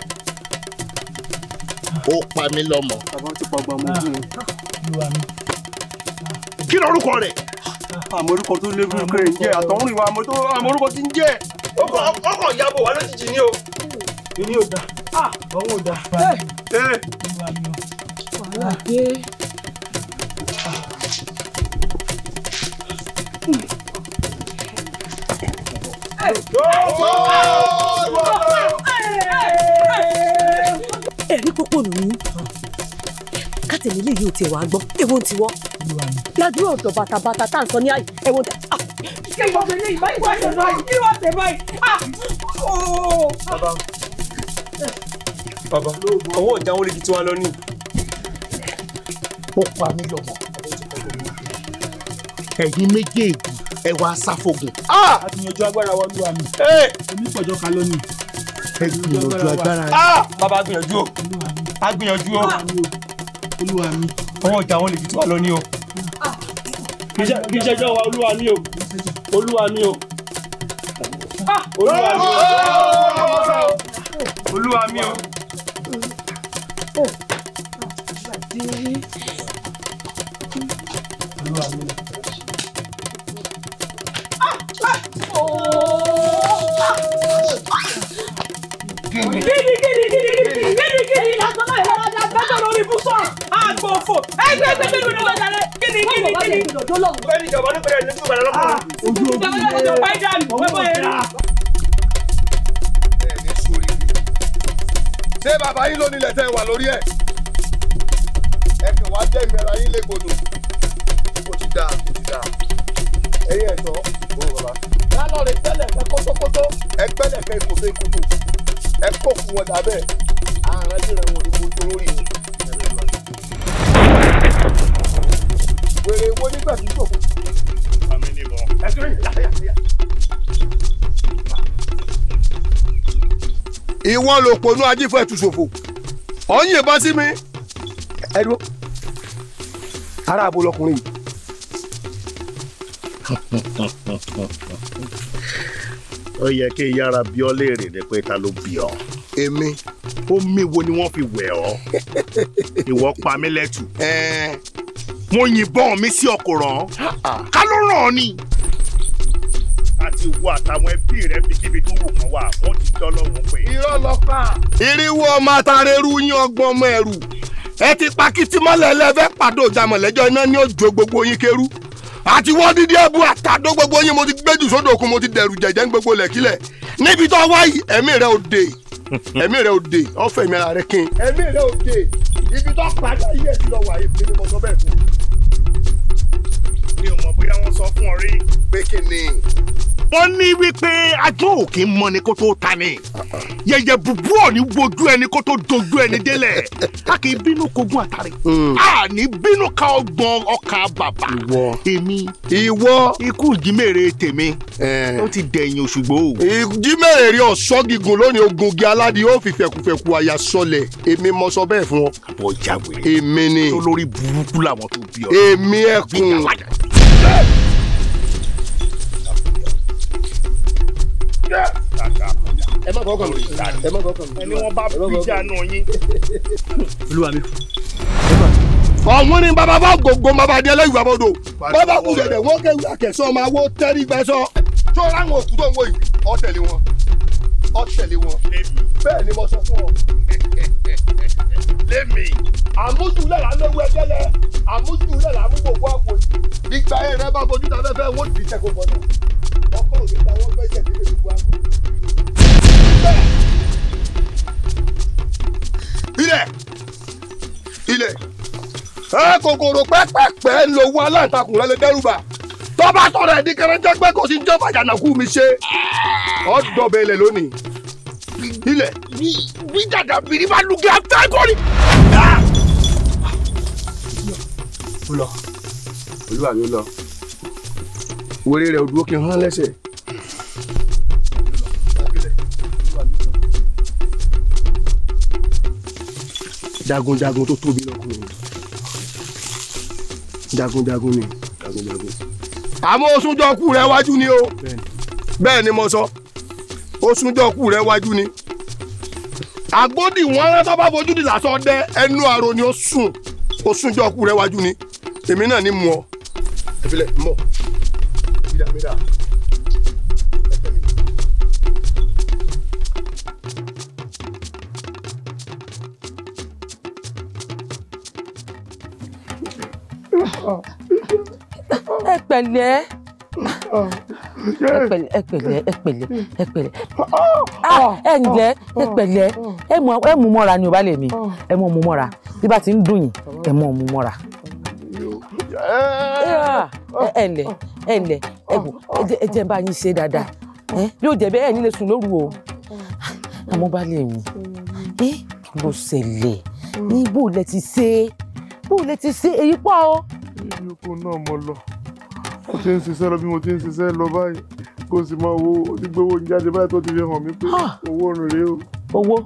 ó pa mí lọ́mọ. bàbá ti pọgbà ọmọ ogun mi kí lorúkọ rẹ̀. àmọ́rúkọ tó lé burúkú rẹ̀ ń jẹ́ àtọ̀húnrìn wa àmọ́rúkọ tí ń jẹ́. ọkọ̀ ìyàbọ̀ wa lójijì ni o. èmi ò dà ọ̀hún ò dà. ẹ̀rí kókó nù tèmi lè yí o tiẹ̀ wá gbọ́ èwo ti wọ́. ládùúgbò ọ̀dọ̀ bàtàbàtà tá à ń sọ ní àyè ẹ̀wọ̀n tẹ̀. Ah! kí wọ́n ṣe léyìí báyìí wọ́n ṣe báyìí kí wọ́n ṣe báyìí. bàbá bàbá ọwọ́ ọ̀dà wọn lè lọ ní. ó pa mí lọ́mọ ẹ̀yin méjèèjì ẹ wá sáfògùn. Ah! a ti yanjú agbára wa lóra mi. Eh! èmi pọ̀jọ́ ka lónìí. ẹ gbìyànjú agbára rẹ. Ah! bàbá gbìyànjú o a gbìyànjú o olúwa mi. ọwọ́ ọjà àwọn olèjì tí wà lọ ní o. Ah. kì í ṣẹjọ́ wa ah. olúwa mi o oh! olúwa mi o ah. olúwa mi o olúwa mi o. olúwa mi o. fò. ẹ gbé gbé gbé lórí ọjà rẹ kí ni kí ni kí ni. bẹ́ẹ̀ ni ìjọba ní pẹ̀lú ẹni tó gbàdá lọ́kùnrin. ojú ojú ìjọba ní ọjọ́ pàjá mi wọ́n bọ̀ yẹn rí. ṣé bàbá yín ló nílẹ̀ tẹ́ ẹ wà lórí ẹ̀? ẹ kàn wá jẹ́ ìmẹ̀ra yín légbodò kò ti dáa kò ti dáa ẹ̀yin ẹ̀tọ́ òun bàbá. lálọ́ọ̀rẹ́ tẹ́lẹ̀ fẹ́ kótókótó. ẹ gbẹ́lẹ̀ fẹ́ kótókótó ẹ kókun wọn dàbẹ́ àrùn ẹ̀dínrẹ̀ wọn ni mo tó lórí mi. wèrè wo nígbà tí gbòkó. àmì ni ìwọ. ẹ kí ló ń yà yà yà. ìwọ ló ponú ajífẹ́ ìtúsòfò ọ̀yìn ìbọn sí mi. ẹ dúró ara àbò lọkùnrin yìí. ó yẹ kí yára bí ọ léèrè ni pé ta ló bí ọ. èmi. omi wo ni wọ́n fi wẹ̀ ọ́ (laughs) ìwọ pa mí lẹ́tù wọ́n yìnbọn mi sí ọkọ̀ ká ló ràn ọ́ ni. àti wo àtàwọn ẹbí rẹ bíkíbi tó wù kán wà wọ́n ti tọ́ lọ́wọ́ pé. irọ́ lọ pa. irinwó ọmọ àtàrẹ́rù yín ọgbọ́n ọmọ ẹ̀rù ẹ ti pa kìtìmọ́lẹ̀ lẹ́fẹ́ pàdó ìjàmọ̀ iná ní òjò gbogbo yín kẹrú àti wọ́n dídí ẹ̀bù àtàdó gbogbo yín mo ti gbẹ́jù sódò òkun mo ti dẹ̀rù jẹ̀jẹ̀ ń gbogbo lẹ̀kílẹ̀ níbi tó wáyé ẹ̀mí rẹ ò dé (laughs) ẹ̀mí rẹ ò dé ọ̀fẹ́ mi ara rẹ kín. ẹ̀mí rẹ ò dé ibi tó padà yíyẹ ti lọ wà yìí fún bẹ́ẹ̀ fún mi mi ò mọ̀ bóyá wọ́n sọ fún ọ rí. pé kí ni ó ní wípé ajó òkè mọ ni kó tó ta ni yẹyẹ bùbú òní wojú ẹni kó tó dojú ẹni délẹ̀ a kì í bínú kogún àtàrí hmm. a ní bínú ka ọgbọ́n ọkà bàbà èmi ìwọ ikú ìjímèrè tèmi ó ti dẹ̀yìn òṣùgbò. ìjímèrè rí ọ̀ṣọ́ gígùn lónìí ogungi aládì ó fi fẹ̀kùfẹ̀kù àyà sọlẹ̀ èmi mọ sọ bẹ́ẹ̀ fún ọ. àbọ̀ ìjà èmi ni tó lórí burúkú làwọn tó bí ọ. èmi ẹkùn. ẹ má bọ́kàn mi ẹ má bọ́kàn mi. ẹni wọn bá bíjà nù yín. olúwa mi. ọ̀hún ni bàbá bá gbogbo bàbá di ẹlẹ́yìn bàbá odò bàbá kù dẹ̀dẹ̀ wọ́n kẹ́ àkẹ́sọ́ máa wó tẹ́rí fẹsọ́ tó ráwọn òkú tó ń wò yìí ọ̀ wọn ọ̀ wọn bẹ́ẹ̀ ni mo sọ fún ọ lémi. àmójúlẹ̀ la lówó ẹgbẹ́ lẹ àmójúlẹ̀ la mú gbogbo àpò. gbígbà ẹ̀rẹ́ bá fojú ta fẹ́fẹ́ wọ́n ti sẹ́kọ̀ọ́ bọ́dọ̀ ọkọ òní ta wọ́n fẹ́ jẹ̀ nínú ìlú wa. ilẹ̀ ilẹ̀ ẹ kòkòrò pẹ́pẹ́pẹ́ lowó aláǹtakùn rẹ lè dẹ́rùbà tọ́ba tọrọ ẹ̀dí kẹrẹ́jẹ́ pé kò sí jọ́ fàjànàkú mi ṣe ọ̀dọ̀bẹ̀ ilẹ̀ lónìí ilẹ̀ bí dàda bìrì bá lùgẹ́ àtàkùnrin. ó lọ lọ wèrè rẹ̀ ò dúró kí n hán lẹ́sẹ̀. jagunjagun tó tóbi lọkùnrin jagunjagun ni jagunjagun. àmọ́ osunjọ́kù rẹ̀ wájú ni o bẹ́ẹ̀ ni mo sọ osunjọ́kù rẹ̀ wájú ni agbódì wọn rán tó bá fojú di lásán dẹ ẹnu àrò ni ó sùn ó súnjọ ọkù rẹ wájú ni èmi náà ni mú ọ ẹfilẹ mọ mira, mira. ẹ pẹ̀lẹ́ ẹ pẹ̀lẹ́ ẹ pẹ̀lẹ́ ẹ pẹ̀lẹ́ ẹ pẹ̀lẹ́ ah, ẹ ǹlẹ́ ẹ pẹ̀lẹ́ ẹ mú mọ́ra ni ò bá lè mi ẹ mú mọ́ra bí bá ti ń dùn yín ẹ mú mọ́ra ẹ ǹlẹ́ ẹ ǹlẹ́ ẹ̀gbọ́n ẹ jẹ́ bá yín ṣe dáadáa yóò jẹ́ bẹ́ẹ̀ nílé sùn lóru o àmọ́ bá lè rìn kí ló ṣẹlẹ̀ ní bó lẹ ti ṣe bó lẹ ti ṣe èyí pọ̀ o. ibi oko náà mo lọ mo ti ń ṣiṣẹ́ lọ bí mo ti ń ṣiṣẹ́ lọ báyìí kó o sì máa wo onígbówó ń jáde báyìí tó ti fi hàn mí pé owó rèé o owó.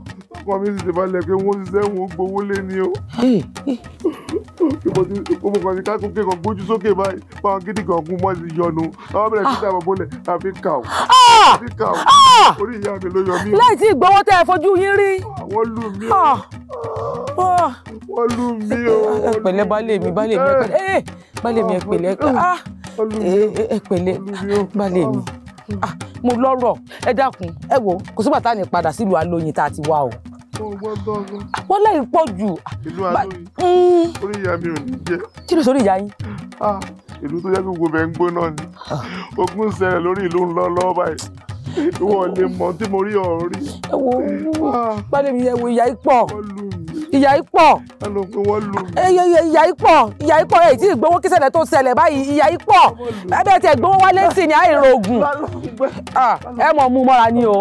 ọkọ mi sì ti balẹ̀ pé wọ́n ṣiṣẹ́ wọn gbowó lé ni o. mo kàn ní kákún kékan gbójú sókè báyìí báwọn gidi kan kún mọ́ ti yọnu àwọn bẹ̀rẹ̀ títà bàbá olè àfi kà ó. àfi ah! kà ó ah! orí ìyá mi ló yọ mí. láì tí ì gbọ́wọ́ tẹ́ ẹ fojú yín rí. Ah! wọ́n lù mí o wọ́n lù mí o. pẹ̀lẹ́ balẹ̀ mi balẹ̀ mi ẹ pẹ̀lẹ́ mi ẹ pẹ̀lẹ́ ẹ mi. Ah, mo lọ́rọ̀ ẹ dákun ẹ wò kò sígbà tá à ní padà sílùú alóyin tá a ti wá o. wọ́n lẹ́yìn pọ̀ jù. ìlú alóyin hmm. orí ìyá mi ò ní jẹ́. kí ló sórí ìyá yín. Ah, ìlú tó yẹ kí gbogbo ẹ̀ ń gbóná ni ah. ogun ṣẹlẹ̀ lórí ìlú ńlọ lọ́wọ́ báyìí ìwọ lè mọ tí mo rí ọ̀rí. ẹ wo bá mi ẹ wo ìyá yìí pọ̀ ìyá ipọ̀ ìyá ipọ̀ ìyá ipọ̀ èyí tí ìgbówó kí ṣẹlẹ̀ tó ṣẹlẹ̀ báyìí ìyá ipọ̀ ẹbẹ̀ tẹ̀ gbówó wálé sí ni àìrògùn ẹ mọ̀ mú mọ́ra ni o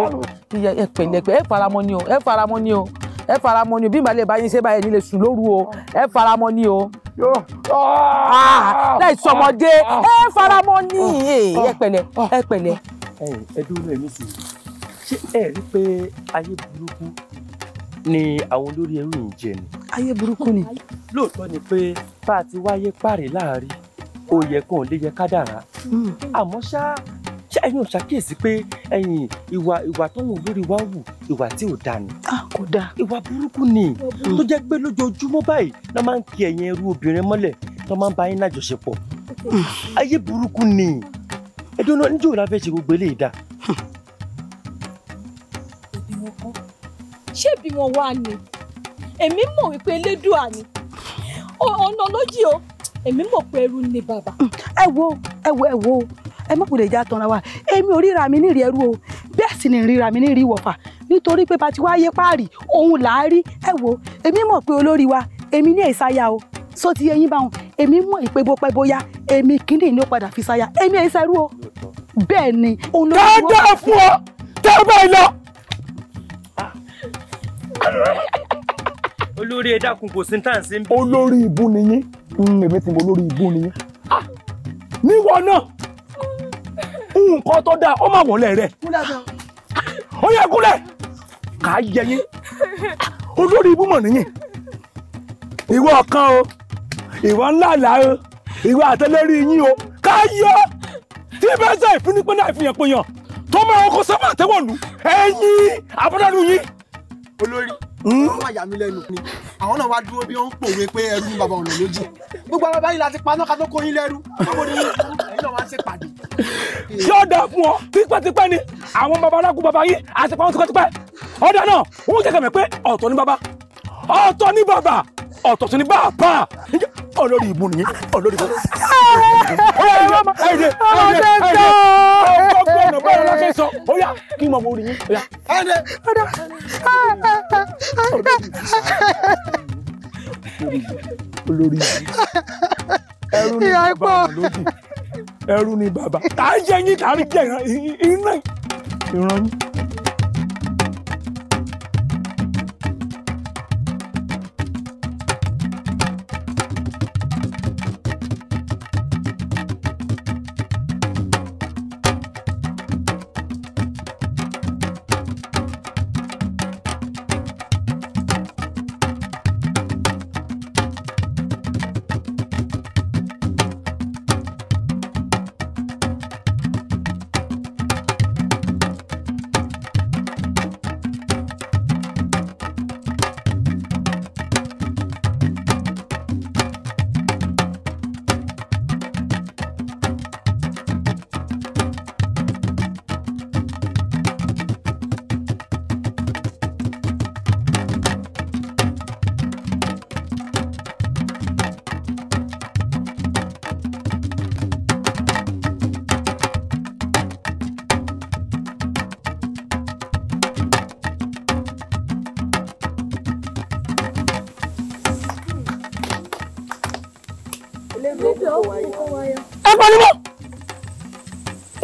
ẹ pẹ̀lẹ́pẹ̀ ẹ faramọ́ ni o ẹ faramọ́ ni o ẹ faramọ́ ni o bí ìbálẹ̀ bá yín ṣe báyìí nílé sùn lóru o ẹ faramọ́ ni o láì sọmọdé ẹ faramọ́ ni ẹ pẹ̀lẹ́ ẹ pẹ̀lẹ́. ẹ dúró lẹ́nu sí i ṣé ẹ rí i pé ayé burúkú ni àwọn olórí ẹrú yìí jẹ ni. ayé burúkú ni. lóòótọ́ ni pé bá a ti wáyé páre láàrin ó yẹ kó o lè yẹ kádàrá hmm. àmọ́ ṣá ṣá ẹ̀yin ò ṣàkíyèsí pé ẹ̀yin ìwà ìwà tó ń wù lórí wa wù ìwà tí ò da ni. Ah, kò da. ìwà burúkú ni tó jẹ́ pé lójoojúmọ́ báyìí ló máa ń kí ẹ̀yin ẹrú obìnrin mọ́lẹ̀ tó máa ń bá yín lájọṣepọ̀ hmm. ayé burúkú ni ẹ̀dùn náà níjọ́ ìlà ṣe gbogbo eléyìí dá. Hmm ṣé bí wọn wà ní èmi mọ̀ wípé elédùà ni ọ̀nà lójì o èmi mọ̀ pé ẹrú ni bàbá. Mm, ẹ wo ẹ wo ẹ wo ẹ mọ̀ kò já tanra wa èmi ò ríra mi nírìí ẹrú o bẹ́ẹ̀ sì ni ríra mi nírìí wọ̀fà nítorí pé bá ti wáyé páàrí òun là á rí ẹ wo èmi mọ̀ pé olórí wa èmi ní ìsáyà o só ti yẹyin báwọn èmi mọ̀ ìpè bó bóyá èmi kíndìn ni ó padà fi sáyà èmi ẹ̀ sẹ́rú o bẹ́ẹ̀ ni dáadáa fún ọ tẹ́ báyìí lọ olórí ẹ dákun kò sí ní tàn sí. olórí ibú ni yín èmi ti mọ olórí ibú ni yín ah! níwọ náà nǹkan tó dáa ó máa wọlé rẹ ah! ó yẹ kúlẹ̀ kà á yẹ yín olórí ibú mọ̀ nìyí ìwọ ọ̀kan o ìwọ ńlá àlá o ìwọ àtẹlẹ́rí yín o ká yọ tí bẹ́ẹ̀ sẹ́ ìfúnipẹ́ náà fi hàn pé yàn tó máa kó sábà tẹ́wọ̀lù ẹ̀yìn abúlé lu yín olórí wọn hmm? máa yà mí lẹ́nu ni àwọn náà wá dúró bí wọn ń pòwe pé ẹrú bàbá ọ̀nà lójú gbogbo àwọn báyìí láti paná ká tó kó yín lẹ́rú gbogbo ni ẹ̀yin náà wá ṣe pàdé. ṣé ó dáa fún ọ tipẹ́tipẹ́ ni àwọn babaláwo bàbá àti pàwọn tipẹ́tipẹ́ ọ̀dà náà wọ́n jẹ́ kẹ̀mẹ́ pé ọ̀tọ̀ ni bàbá ọ̀tọ̀ ni bàbá ọ̀tọ̀ tún ni bàbá olórí ìbú nìyí olórí ìbú. ọmọdé tó ọmọdé tó gbogbo ọ̀nà báyọ̀ la ṣe sọ ó yá kí n mọ mo rí yín ó yá. ọ̀dà ọ̀dà olórí ẹrú ni bàbá lódì ẹrú ni bàbá tá a jẹ yín tá jẹ ìran ìran.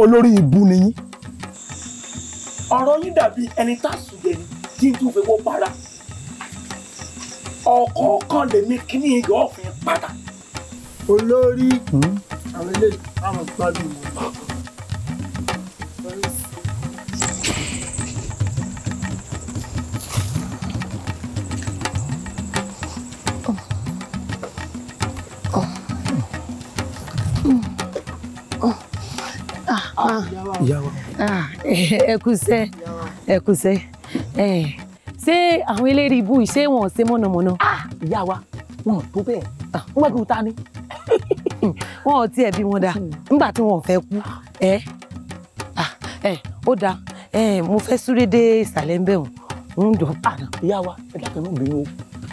olórí ìbú nìyí ọ̀rọ̀ yín dàbí ẹni tá a sùn jẹ ni tí n tún fi wọ́ para ọ̀kọ̀ọ̀kan lè ní kíní ìyọ́ ọ̀fìn padà. olórí hmm? àwọn eléyìí àwọn gbádùn mọ́. (laughs) ẹ kúṣẹ́ ẹ kúṣẹ́ ẹ ṣé àwọn eléré ibú ṣé wọn ṣe ah, ìyá wa wọn tó bẹ́ẹ̀ ah. wọn ni. (laughs) wọn ò tiẹ̀ bí wọn da, nígbà tí wọn fẹ́ kú ah. ẹ ẹ ó mo fẹ́ súré dé ìsàlẹ̀ ń bẹ̀ wọ́n ń dọ̀ ìyá wa ẹ dákẹ́ mọ́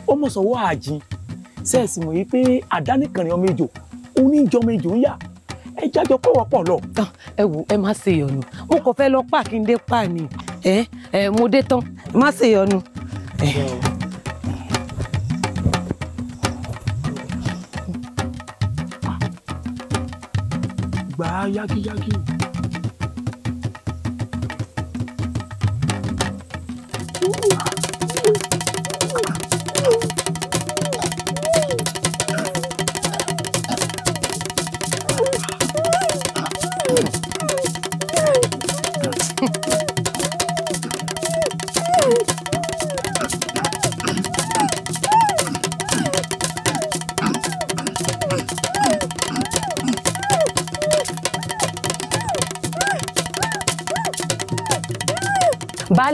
ó mọ̀ àjìn mọ̀ yìí pé àdánìkànnì ọmọ ejò ejò ń yà ẹ jájọ pọ̀ wọ́pọ̀ lọ. ẹ wo ẹ má ṣe ìyọnu mo kàn fẹ́ lọ pààkì ń dé pa ni ẹ ẹ mo dé tán ẹ má ṣe ìyọnu. gbà á yágíyágí.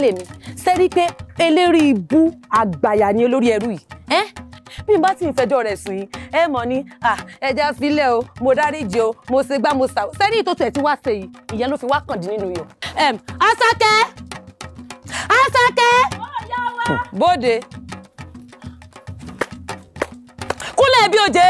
tèmi sẹ́rí pé eléri ibú àgbàyà ni olórí ẹrú yìí ẹ́ bí n bá ti ń fẹjọ́ rẹ̀ sùn yìí ẹ mọ̀ ni ẹja filẹ̀ o mo dáríje o mo ṣe gbá mo sà o sẹ́rí ìtòtò ẹ̀ tí wàá ṣe yìí ìyẹn ló fi wá kàn dín nínú yọ. Àṣàkẹ́ Àṣàkẹ́ bóde kúnlẹ̀ bí òjé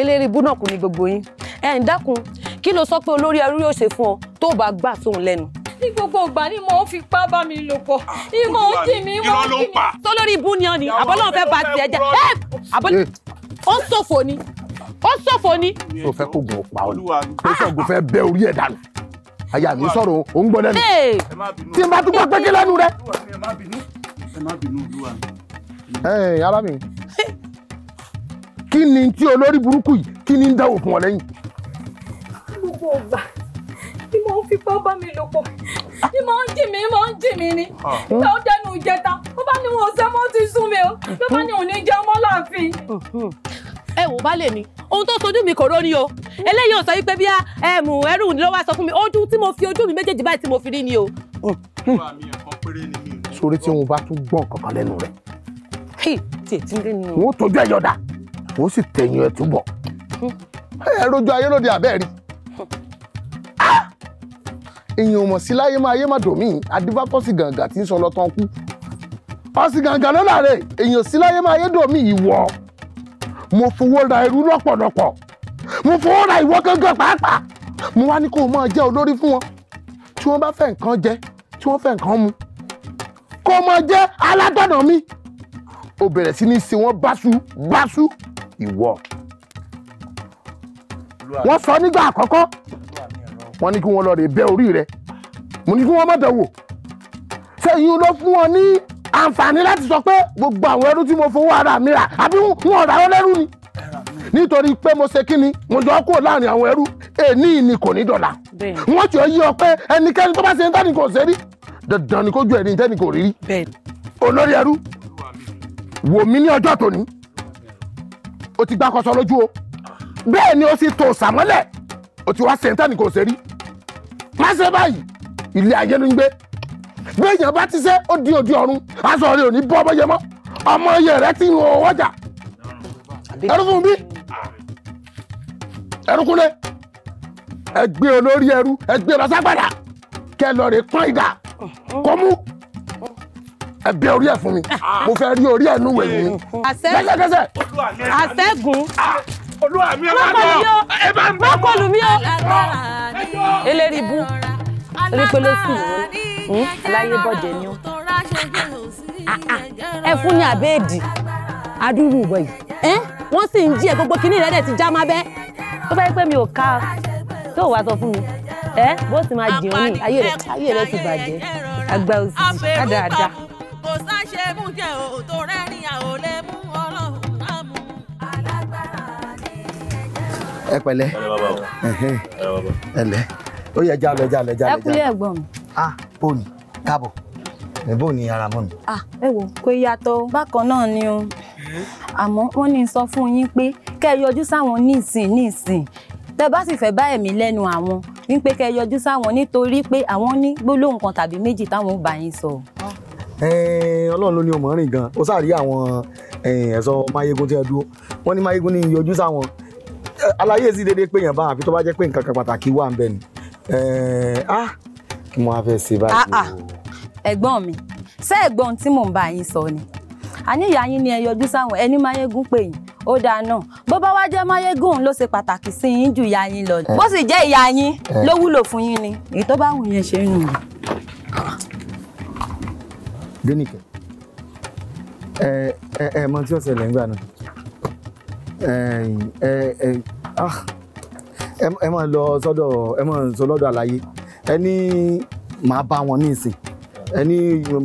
eléri ibú náà kò ní gbogbo yín ẹ̀ ń dákun kí ló sọ pé olórí ẹrú yóò ṣe fún ọ tó bá gbà sóun lẹ́nu ní gbogbo ìgbà ni mo fi pa bá mi lò pọ̀ ìmọ̀ ń kì mí mọ́ kì mí. sólórí ibú ni ọ ni àbọ̀lọ́wọ́ fẹ́ ba tiẹ̀ jẹ́ ẹ́ àbọ̀lọ́ ó ṣòfò ni ó ṣòfò ni. o fẹ́ kó gun ọ̀pá o o sọ̀gùn fẹ́ bẹ́ orí ẹ̀ dànù aya mi sọ̀rọ̀ o ń gbọ́ lẹ́nu tí n bá tún gbọ́ pé kí lẹ́nu rẹ. ẹ̀ẹ́n ara mi kí ni tí olórí burúkú yìí kí ni ń dáwọ́ fún ọ lẹ́yìn. gbogbo ni mò ń fipá bá mi lò pọ̀ ni mò ń jì mí mò ń jì mí ni ìgbà ah. ó dẹnu ìjẹta ó bá ní wọn ò sẹ́ mọ́ ti sún mi o ló bá ní òun ní jẹun mọ́ láàfin ẹ wò bá lè ní ohun tó sojú mi kò róní o eléyìí ò sọ wípé bí ẹmù ẹrù ni ló wá sọ fún mi ojú tí mo fi ojú mi méjèèjì báyìí tí mo fi rí ni o. sórí tí wọn bá tún gbọ́n kankan lẹ́nu rẹ̀. wọn ò tójú ẹ̀yọ̀dà wọn ó sì tẹ̀yìn ẹ̀ túbọ̀. Hm. ẹ rojú ayé lóde àbẹ́ẹ̀rí èèyàn mọ̀ sí láyé máa yé má dòmí adébákọ́sì gàǹgà tí ń sọ lọ́tàn kú ọ̀sì gàǹgà náà làárẹ̀ èèyàn sí láyé máa yé dòmí ìwọ mo fowó ra irú lọ́pọ̀lọpọ̀ mo fowó ra ìwọ gángan pàápàá mo wá ní kó o máa jẹ́ olórí fún wọn tí wọ́n bá fẹ́ nǹkan jẹ tí wọ́n fẹ́ nǹkan mu kó o máa jẹ́ aládọ́nà mi ó bẹ̀rẹ̀ sí ní ṣe wọ́n báṣu báṣu ìwọ wọ́n sọ nígbà àkọ́kọ́ wọ́n ní kí wọ́n lọ rè bẹ́ orí rẹ̀ mo ní kí wọ́n mọ̀tẹ̀ wò sẹ́yìn ló fún wọn ní àǹfààní láti sọ pé gbogbo àwọn ẹrú tí mo fowó ara mi rà àbí wọn ọ̀rá wọn ni nítorí pé mo ṣe kí ni mo yọ ọ́ kúrò láàrin àwọn ẹrú èní ni kò ní dọ̀là wọ́n jọ yí ọ pé ẹnikẹ́ni tó bá ṣe ń tẹ́ni kò ṣe rí dandan ni kó ju ẹni tẹ́ni kò rí rí olórí ẹrú wò mí ní ọjọ́ tòní o ti gbá kọsọ lójú o bẹ́ẹ̀ ni o sì tò sàmọ́lẹ̀ o ti wá sẹ́ńtẹ́nì kò ṣe rí má ṣe báyìí ilé ayé ló ń gbé béèyàn bá ti ṣe ó di òdi ọ̀run aṣọ rẹ ò ní bọ́ bọ́yẹ mọ́ ọmọ iye rẹ ti ń wọ ọjà ẹrú fún mi ẹrú kúnlẹ̀ ẹ gbé olórí ẹrú ẹ gbé lọ ságbàdà kẹ lọ rè pọ́n ìdá kọ́ mú ẹ bẹ orí ẹ fún mi mo fẹ́ rí orí ẹ nú wẹ̀ yìí lẹ́sẹ̀kẹsẹ̀. àṣẹ́gun olúwa mi ẹ bá ẹ bá ń bọ ọmọ ọkọlù mi ó eléri bú rípele fún mi aláyé bọ̀jẹ̀ ni ó ah, ah. ẹ fún ní àbẹ́ẹ̀dì adúrú ìwọ yìí wọ́n sì ń jí ẹ gbogbo kínní rẹ̀ dẹ̀ ti já má bẹ́ tó bá pé mi ò ká tó wàá sọ fún mi ẹ bó sì máa jẹun ní ayé rẹ ayé rẹ ti bàjẹ́ àgbà òsì dáadáa. kò sáṣe mú jẹ́ òótọ́ rẹ́ ni àwọn ẹ pẹ̀lẹ́ ẹlẹ ó yẹ jalè jalè jalè. ẹkúlé ẹ̀gbọ́n mi. ah bóòlù káàbọ̀ ẹbọ ni ara mọ mi. ah ẹ wo kò yàtọ̀ bákan náà ni o àmọ́ wọ́n ní sọ fún yín pé kẹ́ ẹ yọjú sáwọn nísìn nísìn tẹ́ bá sì fẹ́ bá ẹ̀mí lẹ́nu àwọn ní pé kẹ́ ẹ yọjú sáwọn nítorí pé àwọn ní gbólóhùn kan tàbí méjì táwọn ò bá yín sọ. ọlọ́run ló ní ọmọ rìn gan ó sáà rí àwọn ẹ̀sọ́ mayegun tí ẹ dúró wọ́n ní mayegun ní yọjú sáwọn àlàyé sí déédéé pé yẹn ba àfi tó bá jẹ́ pé nǹkan kan pàtàkì wà ń bẹ ni ah, kí mo wá fẹ́ ṣe báyìí. Ah, ah, ẹ̀gbọ́n mi ṣé ẹ̀gbọ́n tí mò ń bá yín sọ ni àníyàn yín ni ẹ yọjú sáwọn ẹni máyégún pè yín o da náà bó bá wá jẹ́ máyégún ló ṣe pàtàkì sí yín ju ìyá yín lo eh. bó sì jẹ́ ìyá yín eh. ló wúlò fún yín ni èyí tó bá wù yẹn ṣe nù. dénìkẹ́ ẹ ẹ mọ tí ó ṣẹlẹ̀ ń gbà náà Ah, ẹ máa lọ sọ́dọ̀ ẹ máa sọ lọ́dọ̀ àlàyé ẹ ní màá bá wọn ní ìsìn ẹ ní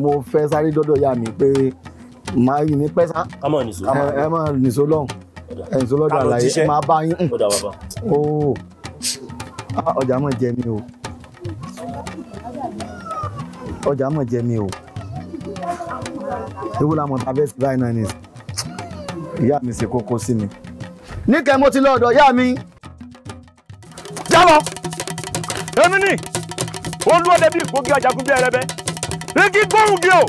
mo fẹ́ sáré dọ́dọ̀ ìyá mi pé màá yìí ní pẹ́sà ẹ máa nìṣó lọ́hùn ẹ nìṣó lọ́dọ̀ àlàyé ẹ máa bá yín ọjà ah, mọ̀ jẹ mi o ọjà mọ̀ jẹ mi o ewu la mọ̀ tàbí ẹ̀sìn báyìí náà ni ìyá mi ṣe kókó sí mi níkẹ́ mo ti lọ ọ̀dọ̀ ìyá mi. jábọ̀ èmi ni olúwọ́dẹ bíi ìgbógi ajagun bíi ẹrẹbẹ igi gbóhùn gi o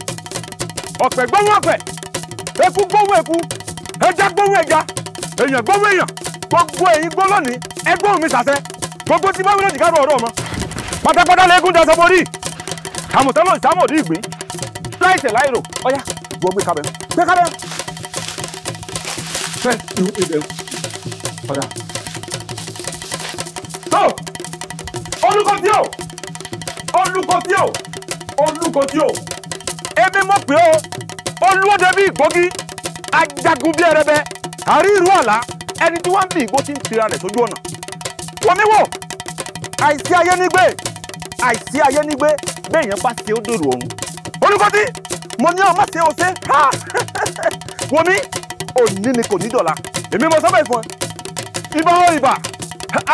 ọ̀pẹ gbóhùn ọ̀pẹ eku gbóhùn eku ẹja gbóhùn ẹja èèyàn gbóhùn èèyàn gbogbo èyí gbó lónìí ẹgbóhùn mi sàṣẹ gbogbo tí báwo lè jìkà rọ ọ̀rọ̀ ọmọ pátápátá lẹ́gùn dẹ̀ sọmọ rí àmọ̀tẹ́lọ̀ ìsámọ̀dí ìgbín láìsẹ̀ láìrò ọ̀yá gbogbo ìkàbẹ̀ pẹ́ kábẹ́ pẹ́ ìwé ìbẹ̀rù ọ̀dà. tó olùkọ́tí o olùkọ́tí o olùkọ́tí o èmi mọ̀ pé o olúwọ́dẹ bí ìgbógi ajagun bí ẹrẹbẹ àrí ìrú àlá ẹni tí wọ́n ń bí ìgbó ti ń tira rẹ̀ sójú ọ̀nà. wọ́n mi wò àìsí ayé nígbé àìsí ayé nígbé bẹ́ẹ̀ yẹn bá ṣe ó dèrò ọ̀run. olùkọ́tí mo ní ọmọ ṣe ó ṣe (laughs) wọ́n mi òní ni kò ní dọ̀la èmi mo sọ fún ẹ ìbọn ìbà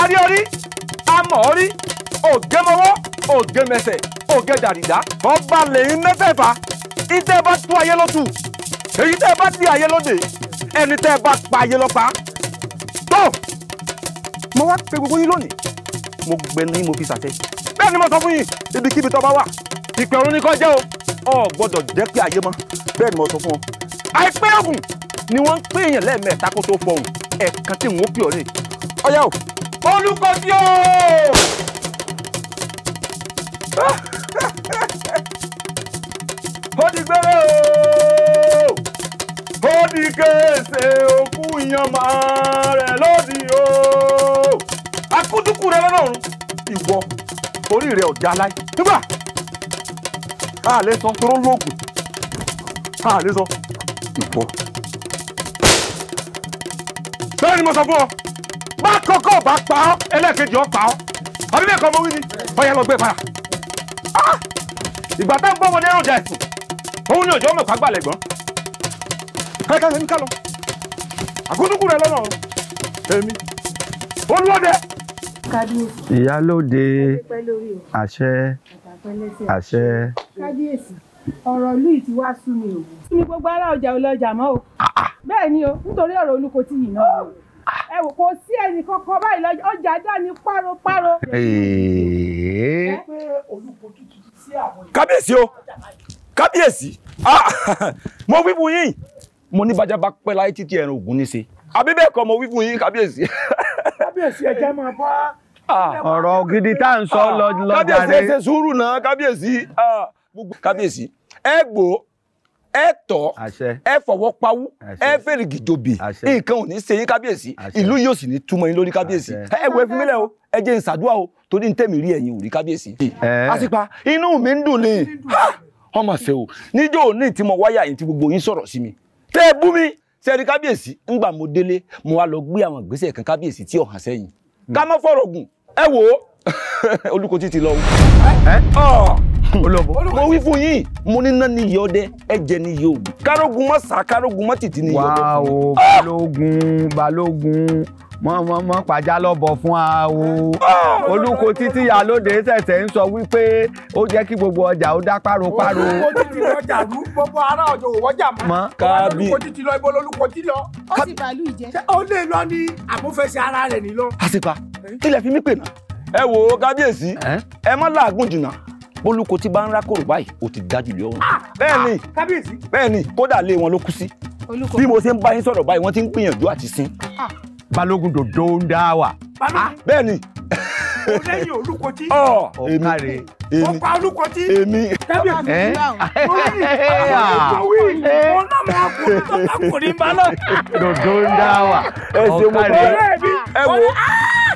ariori amọ̀ọ́rí ògémọwọ́ ògémẹsẹ̀ ògédàrídá ọba lẹ́yìn mẹ́fẹ̀ẹ̀fà ìtẹ́ bá tú ayé ló tù èyí tẹ́ bá di ayé lóde ẹni tẹ́ bá pa ayé lọ́pa tó mo wá pe gbogbo yín lónìí mo gbẹnu mo fi sàtẹ bẹ́ẹ̀ ni mo sọ fún yín ibikíbi tó bá wà ìpè ọ̀run ni kò jẹ́ o ò gbọ́dọ̀ jẹ́ pé ayé mọ́ bẹ́ẹ̀ ni mo sọ fún ọ àìpé ogun ni wọ́n ń pè èèyàn lẹ́ẹ̀mẹ́ta kó tó fọhùn ẹ̀ẹ̀kan tí n ó pè ọ́ ní ọ̀yá o. olùkọ́sí o. (laughs) ó di gbẹ́rẹ́ o ó di kéèsè òkú ìyànmá rẹ̀ lódì o akúdùkù rẹ lọ́nà ọ̀run ìwọ orí rẹ ọ̀já láì nígbà a lè sọ toró lóògùn a sọ ìwọ bẹ́ẹ̀ ni mo sọ fún ọ bá kọ́kọ́ bá pa ọ́ ẹlẹ́ẹ̀kejì ọ pa ọ́ àbí bẹ́ẹ̀ kọ́ mo wí ni ọ̀yẹ́ lọ gbé para ah! ìgbà tá ń gbọ́ ọmọdé ròjà ẹ̀sìn òun ni òjò mẹ́fà gbà lẹ́gbọ́n kẹ́kẹ́ ń kálọ àkúndùkú rẹ lọ́nà èmi olóde. ìyálóde àṣẹ àṣẹ. ọ̀rọ̀ ìlú ti wá sú mi o. kí ni gbogbo ará ọjà ọlọ́jà mọ́ o. Ah, ah. bẹ́ẹ̀ ni o nítorí ọ̀rọ̀ olùkọ́ tí yìí náà ẹ wò kò sí ẹnì kankan báyìí lọ́jọ́ ọjà dání páropáro. kábíyèsí o kábíyèsí ah, (laughs) mo wí fún yín mo ní bàjá bá pẹ́ láyé títí ẹ̀rùn ògún ní ṣe àbí bẹ́ẹ̀ kọ́ mo wí fún yín kábíyèsí. (laughs) kábíyèsí ẹ̀jẹ̀ máa bọ́ ah. ọ̀rọ̀ gidi tá à ń sọ lọ́jà rẹ̀ kábíyèsí ẹ ṣe sùúrù náà kábíyèsí ah, kábíyèsí ẹ gbòó ẹ tọ́ ẹ fọwọ́ pawú ẹ fèrègì jòbì nǹkan ò ní ṣe yín kábíyèsí ìlú yóò sì ní túmọ̀ yín lórí kábíyèsí ẹ wọ ẹfun mílẹ̀ o ẹ Ha! ìṣàdúrà o torí rí ò rí kábíyèsí. inú mi ń dùn ọmọ o níjọ́ òní tí mo wáyà yìí tí gbogbo yín sọrọ sí mi tẹ́ ẹ bú mi sẹ́ẹ̀rí kábíyèsí ńgbà mo délé mo wá lọ gbé àwọn ìgbésẹ̀ kan kábíyèsí tí ọ̀hàn sẹ́yìn ká má fọ̀rọ̀ gùn ẹ wò ó (laughs) olùkọ́ ti olóbó mo wí fún yín mo ní náà níyì ọdẹ ẹ̀jẹ̀ níyì oògùn kárógun mọ́ sá kárógun mọ́ tìtì níyì ọdẹ. wàá o ah! balógun balógun mọ̀mọ́mọ́ pàjá lọ́bọ̀ fún wa o ah! olùkọ́ títí àlóde ṣẹ̀ṣẹ̀ ń sọ wípé ó jẹ́ kí gbogbo ọjà ó dá páropáro. olùkọ́ títí lọ́jà rú gbogbo ará ọ̀dọ̀ òwọ́jà mọ́ kábí olùkọ́ títí lọ ibo lolùkọ́ tí lọ. ó sì bàálù ìjẹ. ó lè lọ ní àbúfẹsẹ ara rẹ̀ nílọ. àṣìpà ilẹ̀ eh? fi mí pè náà ẹ wò kábíyèsí eh? ẹ má làágùn jìnnà bólúko tí bá ń rákòrò báyìí ó ti dájú lé ọ̀hún. Ah, bẹ́ẹ̀ ni ah, kábíyèsí. bẹ́ẹ̀ ni kódà lé wọn ló kú sí. bí mo ṣe ń bá yín sọ̀rọ̀ báyìí wọ́n ti ń gbìyànjú àti sin. Ah. balógun dòdò ń dá wà. bẹ́ẹ̀ ni. mo lẹ́yìn olùkọ́tí. ọ ọ̀kàrẹ̀ èmi ọ̀pá olùkọ́tí. èmi kábíyèsí. mo rí ìwé ìwé wọn náà máa kó ní (laughs) tó bá kò ní balọ̀. dòdò ń dá wà. ẹ ṣe mo bá ẹ wo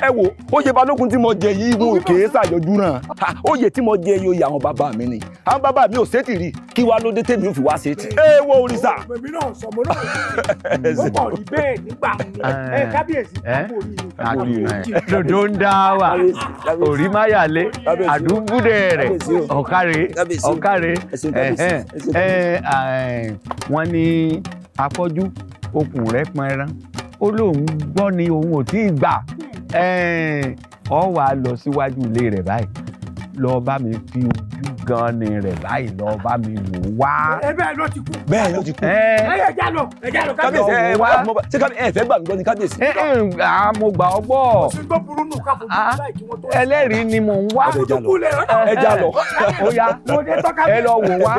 ẹ wo oyè balógun tí mo jẹ yìí mo kè é ṣàyọjú ràn oyè tí mo jẹ yìí oyè àwọn bàbá mi ni àwọn bàbá mi ò ṣètì rí kí wàá ló dé tèmi ò fi wá ṣètì. ẹ wo òrìṣà. bèbí náà sọmọ náà ló pọ̀ ní bẹ́ẹ̀ nígbà ẹ kábíyèsí dodo ń dá wà orí máyàlé àdúgbùdẹ rẹ ọkàrẹ ọkàrẹ wọn ní afọ́jú okùn rẹ pọn ẹran ó lóun gbọ́ ni òun ò tí ì gbà ọ wà á lọ síwájú ilé rẹ̀ báyìí lọ bá mi fi ojú gan ni rẹ̀ báyìí lọ bá mi wò wá. bẹ́ẹ̀ ló ti kú. bẹ́ẹ̀ ló ti kú. ẹ ẹ já lọ ẹ lọ kábíyèsí ẹ wá ṣé kábíyèsí ẹ fẹ́ gbà mí gbọ́ ni kábíyèsí. ẹ ẹ mo gbà ọ gbọ́. mo ti gbọ́ burú nù káfọ́ mi ah, láì kí wọ́n tó. ẹlẹ́rìí ni mò ń wá. ẹ já lọ ó yá ẹ lọ wò wá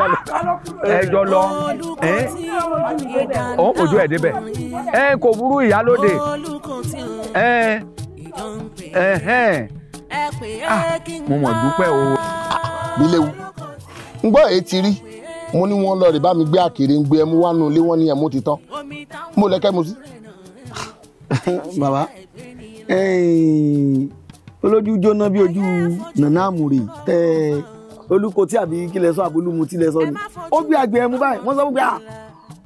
ẹ lọ ẹ òun kò ẹ̀ débẹ̀ ẹ kò burú ìyálóde Ah, mo mọ̀ dúpẹ́ o. mi léwu ń gbọ́ rí mo ní wọn lọ rè bá mi gbé àkèrè ń gbé ẹmu wánu ilé wọn ní ẹmu ti tán mo lẹ́kẹ́ mo sí. (laughs) bàbá olójú jóná bí ojú nana àmúre tẹ olùkọ́ tí àbí kílẹ̀ sọ àbólúmu tí lẹ̀ sọ ni ó gbé àgbẹ̀ ẹmu báyìí wọ́n sọ fún mi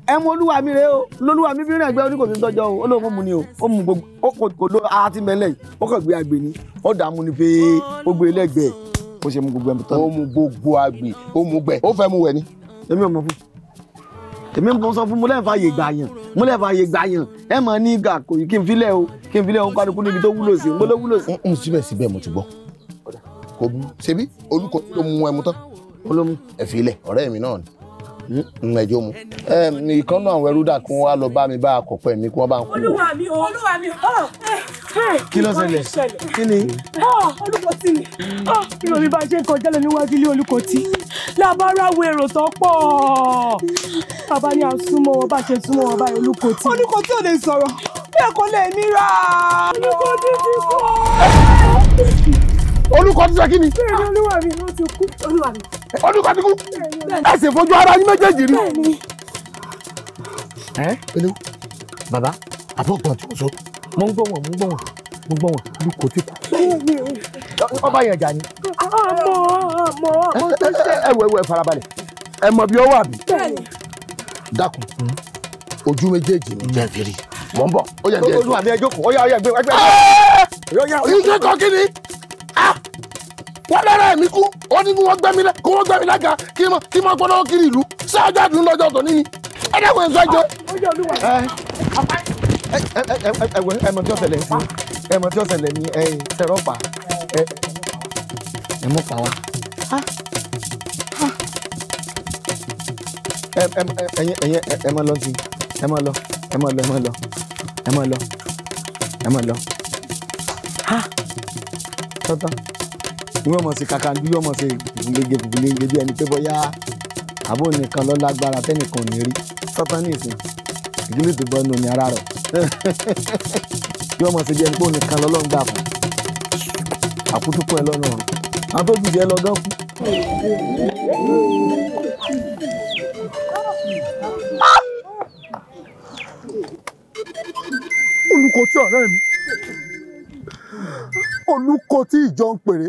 ẹ mú olúwa mi rè o lolúwa mi fi rìn ẹgbẹ́ oníkòsí tọ́jọ́ o olóhùn mu ni o ó mu gbogbo ó kò kò ló ara ti mẹ́lẹ̀ yìí ó kàn gbé agbè ni ó dàá mu ni pé ó gbé lẹ́gbẹ̀ẹ́ ó ṣe mu gbogbo ẹ̀ tán. ó mu gbogbo agbè ó mu gbẹ ó fẹ́ mu wẹ̀ ni. èmi ò mọ fún èmi ò sọ fún mo lẹ́ẹ̀fà yè gbà yàn mo lẹ́ẹ̀fà yè gbà yàn ẹ mọ̀ ní gà kò kí n filẹ̀ o kí n filẹ̀ o kálukú níbi tó wúlò sí mo ló wúlò sí. n síbẹ̀síbẹ̀ mo ti gbọ́ kò bu ṣebí olùkọ́ ló mu ẹmu tán. olómù ẹ fi ilẹ̀ ọ̀rẹ́ mi náà ni ẹjọ mu nìkan náà àwọn ẹrú kí wọn wá lọ bá mi bá akọpẹ mi kí wọn bá ń kú. olúwa mi o olúwa mi o ah, eh, eh, kí ló ṣẹlẹ̀ kí ni. Ah, olùkọ́tì ni irun ah, mi bá ṣe ń kọjá lẹ́nu iwájú ilé olùkọ́tì lábára wo èrò tó pọ̀ bàbá ni à ń súnmọ́ wọn bá ṣe súnmọ́ wọn báyìí olùkọ́tì. olùkọ́tì ò lè sọ̀rọ̀ bẹ́ẹ̀ kọ́ lè níra. olùkọ́tì ti kọ́ olùkọ́ ti sọ kí ni. bẹ́ẹ̀ni ti kú olúwa fojú ara yín méjèèjì rí. ẹ pẹ̀lú bàbá àbọ̀gbọ̀n sọ mo ń gbọ́ wọn mo ń gbọ́ wọn mo ń gbọ́ wọn olùkọ́ ti kú. ọba yẹn jà ni. àmọ́ àmọ́ àmọ́ tó ṣe. ẹ wẹ wẹ farabalẹ̀ bí ó wà bí. dákun hmm? ojú méjèèjì mi jẹ́ fèrè mọ̀ ń bọ̀ ó yẹ kí ẹ jókòó ó yà ó yà gbé wá gbé. ìyá ah! kọ́kí ni wọ́n lára ẹ̀mí kú ó ní kí wọ́n gbẹ́mí lẹ́ kí wọ́n gbẹ́mí lága kí mọ kí mọ gbọ́dọ̀ kiri ìlú sí ọjọ́ àdùn lọ́jọ́ tó níní ẹ dẹ́kun ẹ̀ sọ́jọ́. ẹwẹ ẹmọ tí ó ṣẹlẹ̀ sí ẹmọ tí ó ṣẹlẹ̀ ní ẹyìn sẹrọpa ẹ mọ pa wá. ẹ mọ lọ sí ẹ mọ lọ ẹ mọ lọ ẹ mọ lọ ẹ mọ lọ ẹ mọ lọ. tọ́tọ́ yóò mọ̀ sí kakandu yóò mọ̀ sí fùfúlẹ́gẹ fùfúlẹ́gẹ bí ẹni pé bóyá àbò nìkan ló lágbára tẹ́nìkan ò ní rí sọ́tán ní ìsìn ìdílé tó bọ́ nù ní ara rọ̀ yóò mọ̀ sí bí ẹni pé òun nìkan lọ́lọ́run gbà fún àkútúkọ̀ ẹ lọ́nà ọ̀run àwọn tó dùjẹ́ lọ gán kú. olùkọ́ tí ọ̀rẹ́ mi olùkọ́ tí ìjọ ń pèrè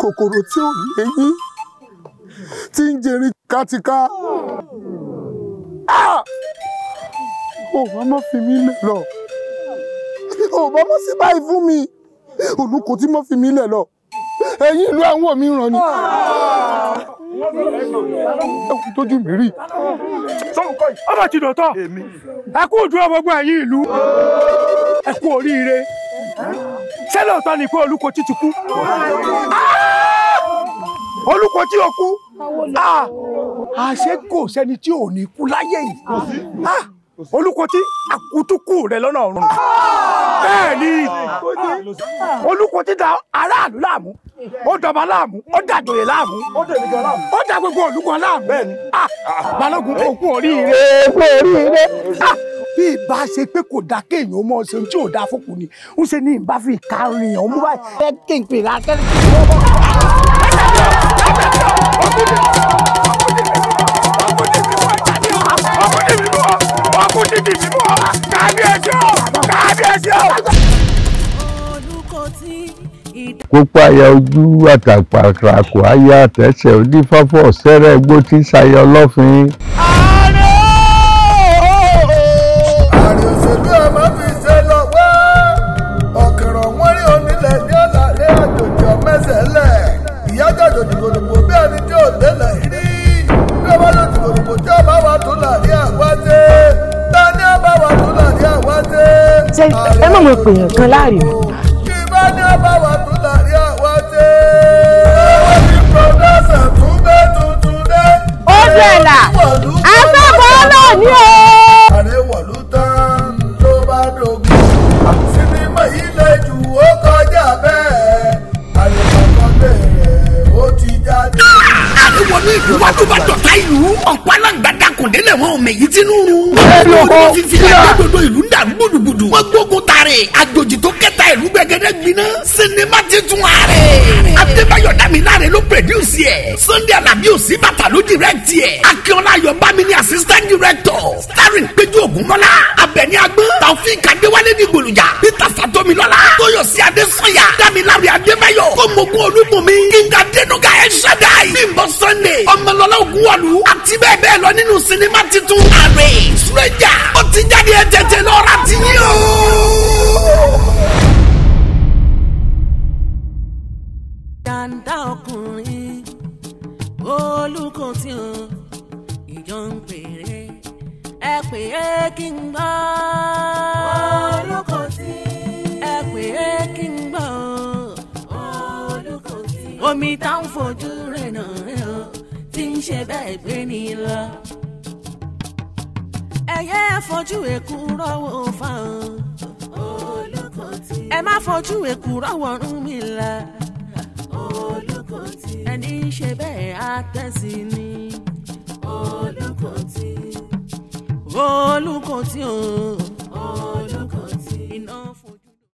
kòkòrò tí ò léyín tí ń jẹrin kátíká ah! ò bá má fi mí lẹ̀ lọ ò bá má sí báyìí fún mi olùkọ tí mo fi mí lẹ̀ lọ ẹ̀yin ìlú àwọn mi ràn ni ẹkùn tójú mi rí ọba ti dọ̀tọ̀ ẹ kú òdúrà gbogbo ẹ̀yin ìlú ẹ kú oríire ṣé lóòótọ́ ni pé Olúkòjí ti kú ah! Olúkòjí ò kú ah! àṣé kò sẹ́ni tí ò ní kú láyé yìí ah! Olúkòjí àkútúkù rẹ lọ́nà ọ̀run bẹ́ẹ̀ ni Olúkòjí da aráàlú láàmú ó dọba láàmú ó dàjòyè láàmú ó dà gbogbo olùkọ́ láàmú balógun òkú oríire òkú bí ìbá ṣe pé kò dá kéèyàn mọ ṣe tí ò dá fòkù ni ń ṣe ní ìbá fi ìkarùn èèyàn mú báyìí. ẹ kí n pè é akẹ́rẹ́ kópa aya ojú àtàpàkàkọ aya àtẹsẹ onífáfọ sẹrẹ gbó tí sayọ lọfin. mọ̀ wọn pèèyàn kan láàrin ìbá ní abáwá tó láàrí àwa tẹ owó ní pọdásà tún bẹ tuntun dé. ó bẹ̀là afẹ́fọ́ náà ní o. ààrẹ wọ̀lú tán ló bá dogun sinimá yìí lè jù ó kọjá bẹ́ẹ̀ àyẹ̀wò kan bẹ̀rẹ̀ ó ti jáde. àríwọ̀ ní ìlú wájú bá dọ̀tá ìlú ọ̀pá náà gbàdá kùndínlẹ̀ wọn ò mẹ̀yì tínú rú. ó ló kọ́ fífi wọ́n gbógun àrè àjòjì tó kẹta ìlú gbẹgẹdẹ gbiná sinimá titun àrè adébáyọ̀ dámiláre ló pèdíùsì ẹ̀ sunday alábí òsì bàtà ló dìrẹ́tì ẹ̀ akínọlá ayọ̀bámi ní assistant director starring péjú ògúnmọ́lá abẹni agbọ́n taofin kadéwálé ní gbòlùjà peter Tómilọ́lá Tóyọ̀sí Adésànyà Dámiláre Adébáyọ̀ Kóngbókó Olúbùnmi Kínga Dénúgà Ẹ̀ṣẹ̀dáì Bímbọ́ Sunday Ọmọlọ́lá Ògúnwọ̀lú àti bẹ́ẹ̀ bẹ́ẹ̀ lọ nínú sinimá titun Àrè Sùrẹ́jà ó ti jáde ẹ̀ tètè lọ́ra ti yín o. Yàǹdà ọkùnrin olùkọ́ tí ó ìjọ ń pèrè ẹ pè é kí n gbọ́. omi táwọn fojú rẹ̀ náà ti ń ṣe bẹ́ẹ̀ gbé ni lọ. ẹ̀yẹ́ fojú èkú rọ́wọ́ fáwọn ẹ má fojú èkú rọ́wọ́ rún mi la ẹni ṣe bẹ́ẹ̀ á tẹ̀sí ni. Olùkọ́tì. Olùkọ́tì o. Olùkọ́tì. iná